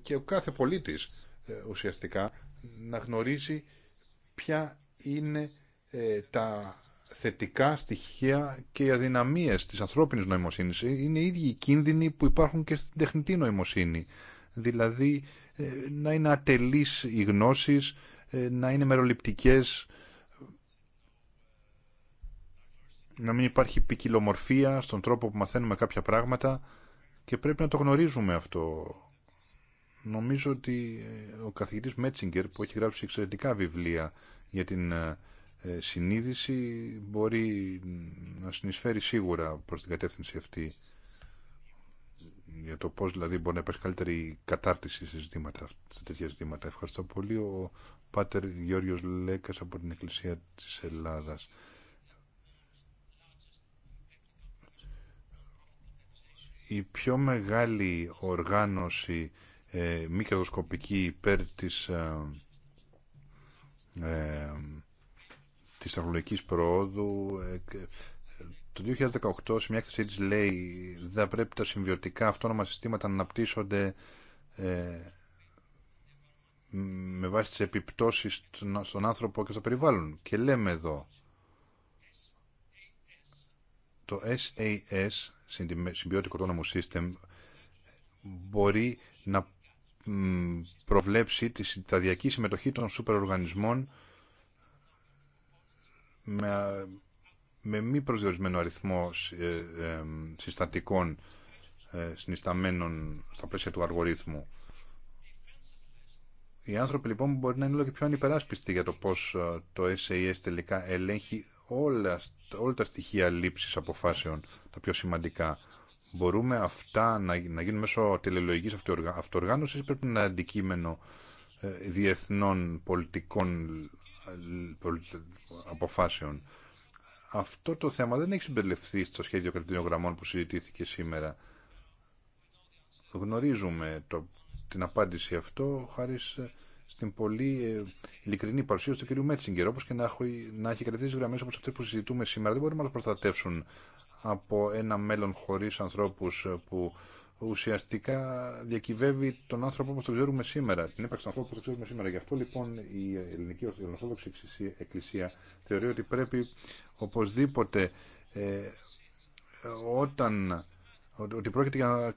και ο κάθε πολίτης ε, ουσιαστικά να γνωρίζει ποια είναι ε, τα θετικά στοιχεία και οι αδυναμίες της ανθρώπινης νοημοσύνης. Ε, είναι οι ίδιοι οι κίνδυνοι που υπάρχουν και στην τεχνητή νοημοσύνη. Δηλαδή να είναι ατελείς οι γνώσεις, να είναι μεροληπτικές, να μην υπάρχει ποικιλομορφία στον τρόπο που μαθαίνουμε κάποια πράγματα και πρέπει να το γνωρίζουμε αυτό. Νομίζω ότι ε, ο καθηγητής Μέτσιγκερ που έχει γράψει εξαιρετικά βιβλία για την ε, ε, συνείδηση μπορεί να συνεισφέρει σίγουρα προς την κατεύθυνση αυτή για το πώς δηλαδή μπορεί να υπάρχει καλύτερη κατάρτιση σε, ζητήματα, σε τέτοια ζητήματα. Ευχαριστώ πολύ ο Πάτερ Γιώργος Λέκας από την Εκκλησία της Ελλάδας. η πιο μεγάλη οργάνωση ε, μη κερδοσκοπική υπέρ της, ε, ε της προόδου. Ε, ε, το 2018 σε μια έκθεση της λέει θα πρέπει τα συμβιωτικά αυτόνομα συστήματα να αναπτύσσονται με βάση τις επιπτώσεις στον άνθρωπο και στο περιβάλλον. Και λέμε εδώ το SAS, Symbiotic Autonomous System, μπορεί να προβλέψει τη σταδιακή συμμετοχή των σούπερ με, με μη προσδιορισμένο αριθμό ε, ε, συστατικών ε, συνισταμένων στα πλαίσια του αργορίθμου. Οι άνθρωποι λοιπόν μπορεί να είναι όλο και πιο ανυπεράσπιστοι για το πώς το SAS τελικά ελέγχει όλα, όλα τα στοιχεία λήψης αποφάσεων, τα πιο σημαντικά. Μπορούμε αυτά να, γίνουν μέσω τελελογικής αυτοργάνωσης ή πρέπει να είναι αντικείμενο ε, διεθνών πολιτικών ε, αποφάσεων. Αυτό το θέμα δεν έχει συμπεριληφθεί στο σχέδιο κρατηρίων που συζητήθηκε σήμερα. Γνωρίζουμε το, την απάντηση αυτό χάρη ε, στην πολύ ε, ειλικρινή παρουσίαση του κ. Μέτσιγκερ. Όπω και να, έχω, να έχει κρατήσει γραμμέ όπω αυτέ που συζητούμε σήμερα, δεν μπορούμε να μα προστατεύσουν από ένα μέλλον χωρί ανθρώπου ε, που ουσιαστικά διακυβεύει τον άνθρωπο όπω το ξέρουμε σήμερα, την ύπαρξη των ανθρώπων όπω το ξέρουμε σήμερα. Γι' αυτό λοιπόν η Ελληνική Ορθόδοξη Εκκλησία θεωρεί ότι πρέπει οπωσδήποτε ε, όταν ότι πρόκειται για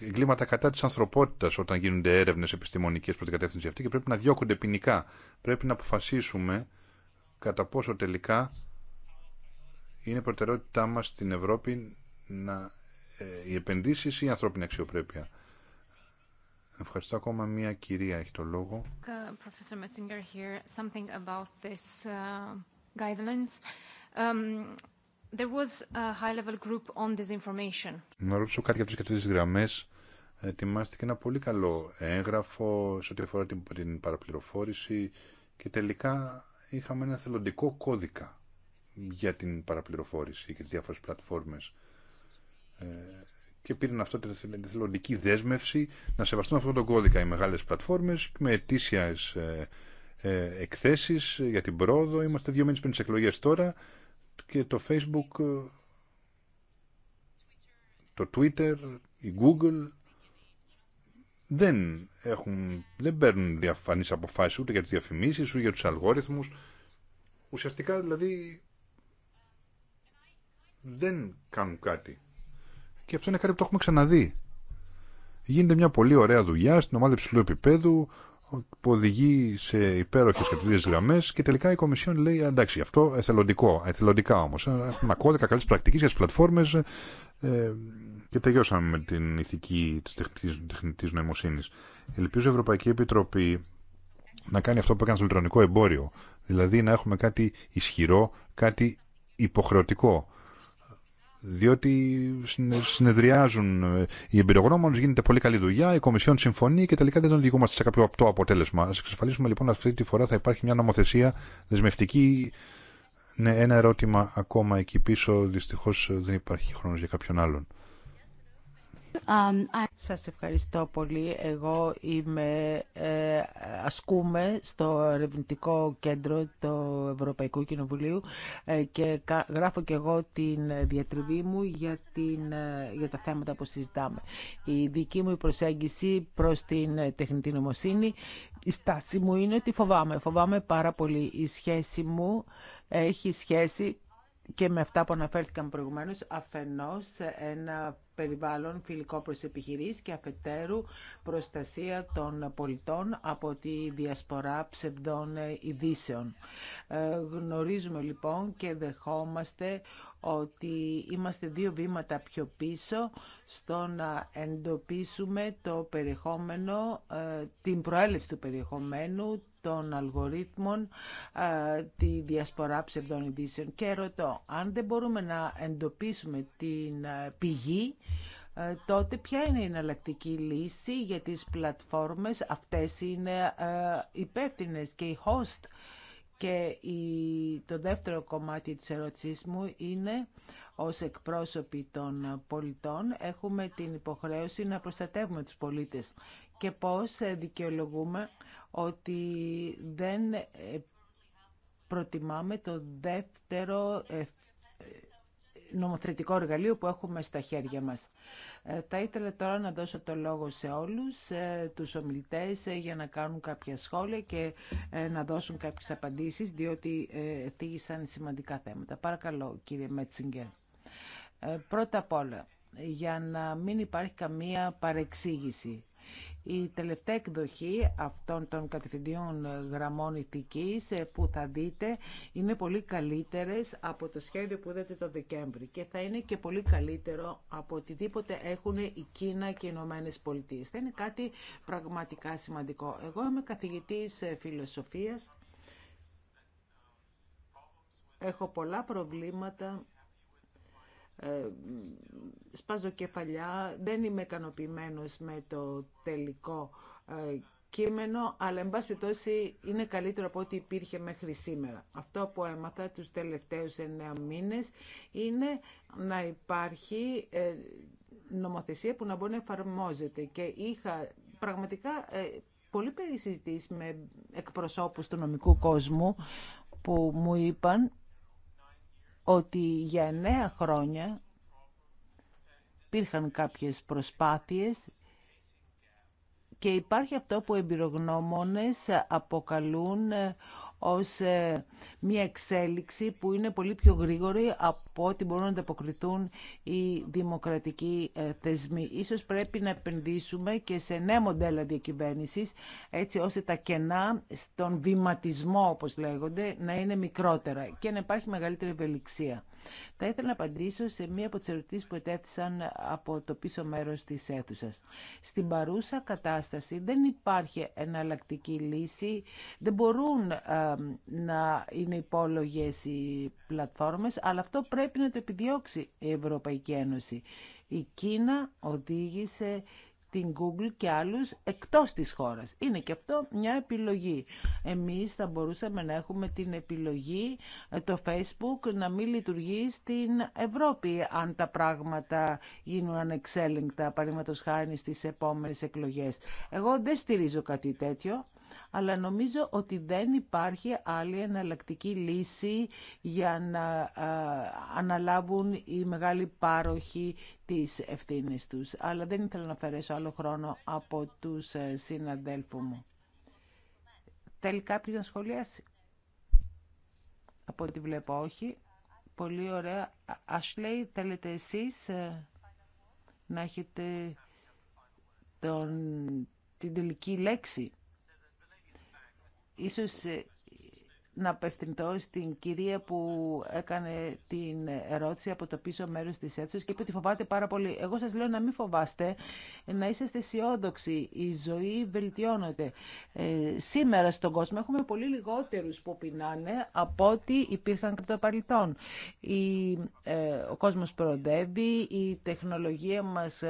εγκλήματα κατά τη ανθρωπότητα όταν γίνονται έρευνε επιστημονικέ προ την κατεύθυνση αυτή και πρέπει να διώκονται ποινικά. Πρέπει να αποφασίσουμε κατά πόσο τελικά είναι προτεραιότητά μα στην Ευρώπη να, ε, οι επενδύσει ή η ανθρώπινη αξιοπρέπεια. Ευχαριστώ ακόμα μία κυρία έχει το λόγο. Uh, um, There was a high level group on disinformation. Να ρωτήσω κάτι από τις γραμμές. Ετοιμάστηκε ένα πολύ καλό έγγραφο σε ό,τι αφορά την, παραπληροφόρηση και τελικά είχαμε ένα θελοντικό κώδικα για την παραπληροφόρηση και τις διάφορες πλατφόρμες. Ε, και πήραν αυτό τη θελοντική δέσμευση να σεβαστούν αυτόν τον κώδικα οι μεγάλες πλατφόρμες με ετήσιες ε, ε, εκθέσεις για την πρόοδο. Είμαστε δύο μήνες πριν τις εκλογές τώρα και το Facebook, ε, το Twitter, η Google δεν, έχουν, δεν παίρνουν διαφανείς αποφάσεις ούτε για τις διαφημίσεις, ούτε για τους αλγόριθμους. Ουσιαστικά δηλαδή δεν κάνουν κάτι. Και αυτό είναι κάτι που το έχουμε ξαναδεί. Γίνεται μια πολύ ωραία δουλειά στην ομάδα υψηλού επίπεδου, που οδηγεί σε υπέροχε κατευθυντήριε γραμμέ και τελικά η Κομισιόν λέει εντάξει, αυτό εθελοντικό, εθελοντικά όμω. Ε, έχουμε κώδικα καλή πρακτική για τι πλατφόρμε ε, και τελειώσαμε με την ηθική τη τεχνητή νοημοσύνη. Ελπίζω η Ευρωπαϊκή Επιτροπή να κάνει αυτό που έκανε στο ηλεκτρονικό εμπόριο. Δηλαδή να έχουμε κάτι ισχυρό, κάτι υποχρεωτικό διότι συνεδριάζουν ε, οι εμπειρογνώμονε, γίνεται πολύ καλή δουλειά, η Κομισιόν συμφωνεί και τελικά δεν οδηγούμαστε σε κάποιο απτό αποτέλεσμα. Α εξασφαλίσουμε λοιπόν αυτή τη φορά θα υπάρχει μια νομοθεσία δεσμευτική. Ναι, ένα ερώτημα ακόμα εκεί πίσω. Δυστυχώ ε, δεν υπάρχει χρόνο για κάποιον άλλον. Um, Σας ευχαριστώ πολύ. Εγώ είμαι, ε, ασκούμε στο ερευνητικό κέντρο του Ευρωπαϊκού Κοινοβουλίου ε, και γράφω και εγώ την διατριβή μου για, την, ε, για τα θέματα που συζητάμε. Η δική μου προσέγγιση προς την τεχνητή νομοσύνη, η στάση μου είναι ότι φοβάμαι. Φοβάμαι πάρα πολύ. Η σχέση μου έχει σχέση και με αυτά που αναφέρθηκαν προηγουμένως, αφενός ένα περιβάλλον φιλικό προς επιχειρήσεις και αφετέρου προστασία των πολιτών από τη διασπορά ψευδών ειδήσεων. Ε, γνωρίζουμε λοιπόν και δεχόμαστε ότι είμαστε δύο βήματα πιο πίσω στο να εντοπίσουμε το περιεχόμενο, ε, την προέλευση του περιεχομένου, των αλγορίθμων, ε, τη διασπορά ψευδών ειδήσεων. Και ρωτώ, αν δεν μπορούμε να εντοπίσουμε την ε, πηγή, τότε ποια είναι η εναλλακτική λύση για τις πλατφόρμες, αυτές είναι υπεύθυνε και οι host και το δεύτερο κομμάτι της ερώτησής μου είναι ως εκπρόσωποι των πολιτών έχουμε την υποχρέωση να προστατεύουμε τους πολίτες και πώς δικαιολογούμε ότι δεν ε, προτιμάμε το δεύτερο ε, νομοθετικό εργαλείο που έχουμε στα χέρια μας. Ε, θα ήθελα τώρα να δώσω το λόγο σε όλους ε, τους ομιλητές ε, για να κάνουν κάποια σχόλια και να δώσουν κάποιες απαντήσεις, διότι θίγησαν σημαντικά θέματα. Παρακαλώ, κύριε Μέτσιγκερ. Πρώτα απ' όλα, για να μην υπάρχει καμία παρεξήγηση. Η τελευταία εκδοχή αυτών των κατευθυντήων γραμμών ηθικής ε, που θα δείτε είναι πολύ καλύτερες από το σχέδιο που είδατε το Δεκέμβρη και θα είναι και πολύ καλύτερο από οτιδήποτε έχουν η Κίνα και οι Ηνωμένε Πολιτείε. Θα είναι κάτι πραγματικά σημαντικό. Εγώ είμαι καθηγητής ε, φιλοσοφίας. Έχω πολλά προβλήματα ε, σπάζω κεφαλιά, δεν είμαι ικανοποιημένο με το τελικό ε, κείμενο, αλλά εν πάση περιπτώσει είναι καλύτερο από ό,τι υπήρχε μέχρι σήμερα. Αυτό που έμαθα τους τελευταίους εννέα μήνες είναι να υπάρχει ε, νομοθεσία που να μπορεί να εφαρμόζεται και είχα πραγματικά πολύ περισσυζητήσει με εκπροσώπους του νομικού κόσμου που μου είπαν ότι για εννέα χρόνια υπήρχαν κάποιες προσπάθειες και υπάρχει αυτό που εμπειρογνώμονες αποκαλούν ε, ως ε, μια εξέλιξη που είναι πολύ πιο γρήγορη από ό,τι μπορούν να ανταποκριθούν οι δημοκρατικοί ε, θεσμοί. Ίσως πρέπει να επενδύσουμε και σε νέα μοντέλα διακυβέρνησης, έτσι ώστε τα κενά στον βηματισμό, όπως λέγονται, να είναι μικρότερα και να υπάρχει μεγαλύτερη ευελιξία. Θα ήθελα να απαντήσω σε μία από τις ερωτήσεις που ετέθησαν από το πίσω μέρος της αίθουσας. Στην παρούσα κατάσταση δεν υπάρχει εναλλακτική λύση, δεν μπορούν ε, να είναι υπόλογες οι πλατφόρμες, αλλά αυτό πρέπει να το επιδιώξει η Ευρωπαϊκή Ένωση. Η Κίνα οδήγησε την Google και άλλους εκτός της χώρας. Είναι και αυτό μια επιλογή. Εμείς θα μπορούσαμε να έχουμε την επιλογή ε, το Facebook να μην λειτουργεί στην Ευρώπη αν τα πράγματα γίνουν ανεξέλεγκτα, παραδείγματο χάρη στις επόμενες εκλογές. Εγώ δεν στηρίζω κάτι τέτοιο, αλλά νομίζω ότι δεν υπάρχει άλλη εναλλακτική λύση για να ε, αναλάβουν οι μεγάλοι πάροχοι τις ευθύνες τους. Αλλά δεν ήθελα να αφαιρέσω άλλο χρόνο από τους ε, συναντέλφου μου. Θέλει κάποιος να σχολιάσει. Από ό,τι βλέπω όχι. Πολύ ωραία. Ashley θέλετε εσείς ε, να έχετε την τελική λέξη. Ίσως ε, να απευθυνθώ στην κυρία που έκανε την ερώτηση από το πίσω μέρος της αίθουσας και είπε ότι φοβάται πάρα πολύ. Εγώ σας λέω να μην φοβάστε, να είσαστε αισιόδοξοι. Η ζωή βελτιώνεται. Ε, σήμερα στον κόσμο έχουμε πολύ λιγότερους που πεινάνε από ό,τι υπήρχαν κατά το παρελθόν. Η, ε, ο κόσμος προοδεύει, η τεχνολογία μας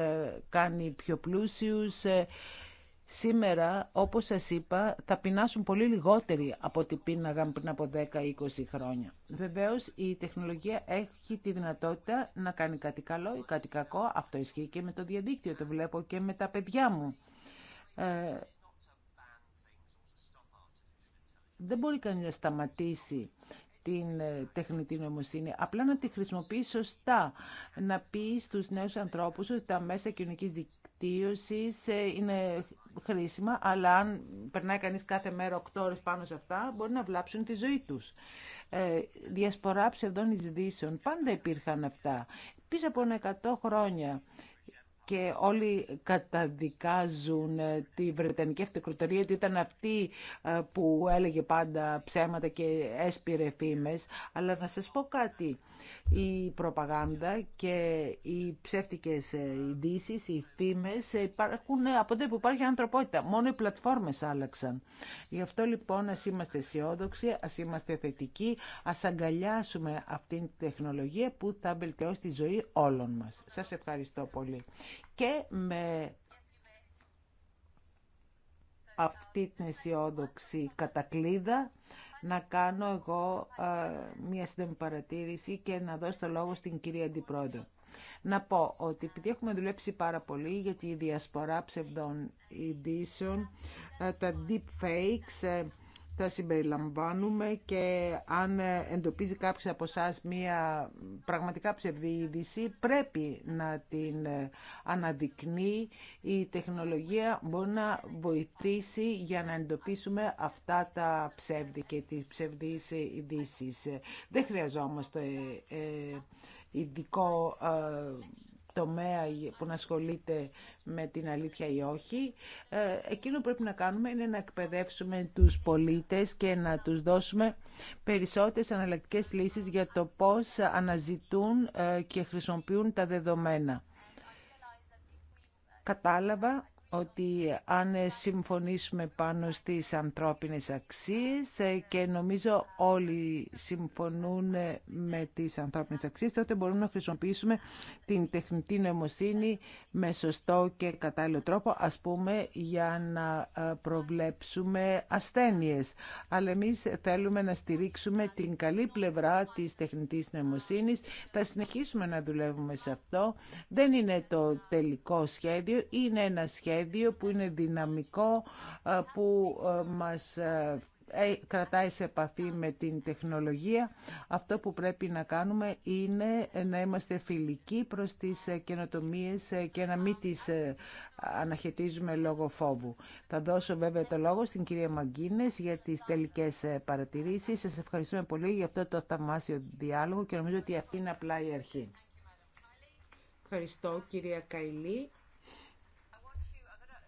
κάνει πιο πλούσιους, Σήμερα, όπως σας είπα, θα πεινάσουν πολύ λιγότεροι από ό,τι πίναγαν πριν από 10-20 χρόνια. Βεβαίως, η τεχνολογία έχει τη δυνατότητα να κάνει κάτι καλό ή κάτι κακό. Αυτό ισχύει και με το διαδίκτυο, το βλέπω και με τα παιδιά μου. Ε, δεν μπορεί κανείς να σταματήσει την ε, τεχνητή νοημοσύνη, απλά να τη χρησιμοποιεί σωστά, να πει στους νέους ανθρώπους ότι τα μέσα κοινωνικής βελτίωσης ε, είναι χρήσιμα, αλλά αν περνάει κανείς κάθε μέρα 8 ώρες πάνω σε αυτά, μπορεί να βλάψουν τη ζωή τους. Ε, διασπορά ψευδών ειδήσεων, πάντα υπήρχαν αυτά. Πίσω από 100 χρόνια και όλοι καταδικάζουν ε, τη Βρετανική Αυτοκρατορία ότι ήταν αυτή ε, που έλεγε πάντα ψέματα και έσπηρε φήμες. Αλλά να σας πω κάτι. Η προπαγάνδα και οι ψεύτικες ε, ειδήσει, οι φήμες υπάρχουν από τότε που υπάρχει ανθρωπότητα. Μόνο οι πλατφόρμες άλλαξαν. Γι' αυτό λοιπόν ας είμαστε αισιόδοξοι, ας είμαστε θετικοί, ας αγκαλιάσουμε αυτήν την τεχνολογία που θα βελτιώσει τη ζωή όλων μας. Σας ευχαριστώ πολύ και με αυτή την αισιόδοξη κατακλίδα να κάνω εγώ ε, μια σύντομη παρατήρηση και να δώσω το λόγο στην κυρία Αντιπρόεδρο. Να πω ότι επειδή έχουμε δουλέψει πάρα πολύ για τη διασπορά ψευδών ειδήσεων, ε, τα deepfakes ε, θα συμπεριλαμβάνουμε και αν εντοπίζει κάποιος από εσά μία πραγματικά ψευδή είδηση, πρέπει να την αναδεικνύει. Η τεχνολογία μπορεί να βοηθήσει για να εντοπίσουμε αυτά τα ψεύδη και τις ψευδείς ειδήσει. Δεν χρειαζόμαστε ε, ε, ειδικό ε, τομέα που να ασχολείται με την αλήθεια ή όχι. Ε, εκείνο που πρέπει να κάνουμε είναι να εκπαιδεύσουμε τους πολίτες και να τους δώσουμε περισσότερες αναλλακτικές λύσεις για το πώς αναζητούν ε, και χρησιμοποιούν τα δεδομένα. Κατάλαβα ότι αν συμφωνήσουμε πάνω στις ανθρώπινες αξίες ε, και νομίζω όλοι συμφωνούν ε, με τις ανθρώπινες αξίες, τότε μπορούμε να χρησιμοποιήσουμε την τεχνητή νοημοσύνη με σωστό και κατάλληλο τρόπο, ας πούμε, για να ε, προβλέψουμε ασθένειες. Αλλά εμείς θέλουμε να στηρίξουμε την καλή πλευρά της τεχνητής νοημοσύνης. Θα συνεχίσουμε να δουλεύουμε σε αυτό. Δεν είναι το τελικό σχέδιο, είναι ένα σχέδιο που είναι δυναμικό, ε, που ε, μας ε, κρατάει σε επαφή με την τεχνολογία. Αυτό που πρέπει να κάνουμε είναι να είμαστε φιλικοί προς τις καινοτομίες και να μην τις αναχαιτίζουμε λόγω φόβου. Θα δώσω βέβαια το λόγο στην κυρία Μαγκίνες για τις τελικές παρατηρήσεις. Σας ευχαριστούμε πολύ για αυτό το θαυμάσιο διάλογο και νομίζω ότι αυτή είναι απλά η αρχή. Ευχαριστώ κυρία Καηλή.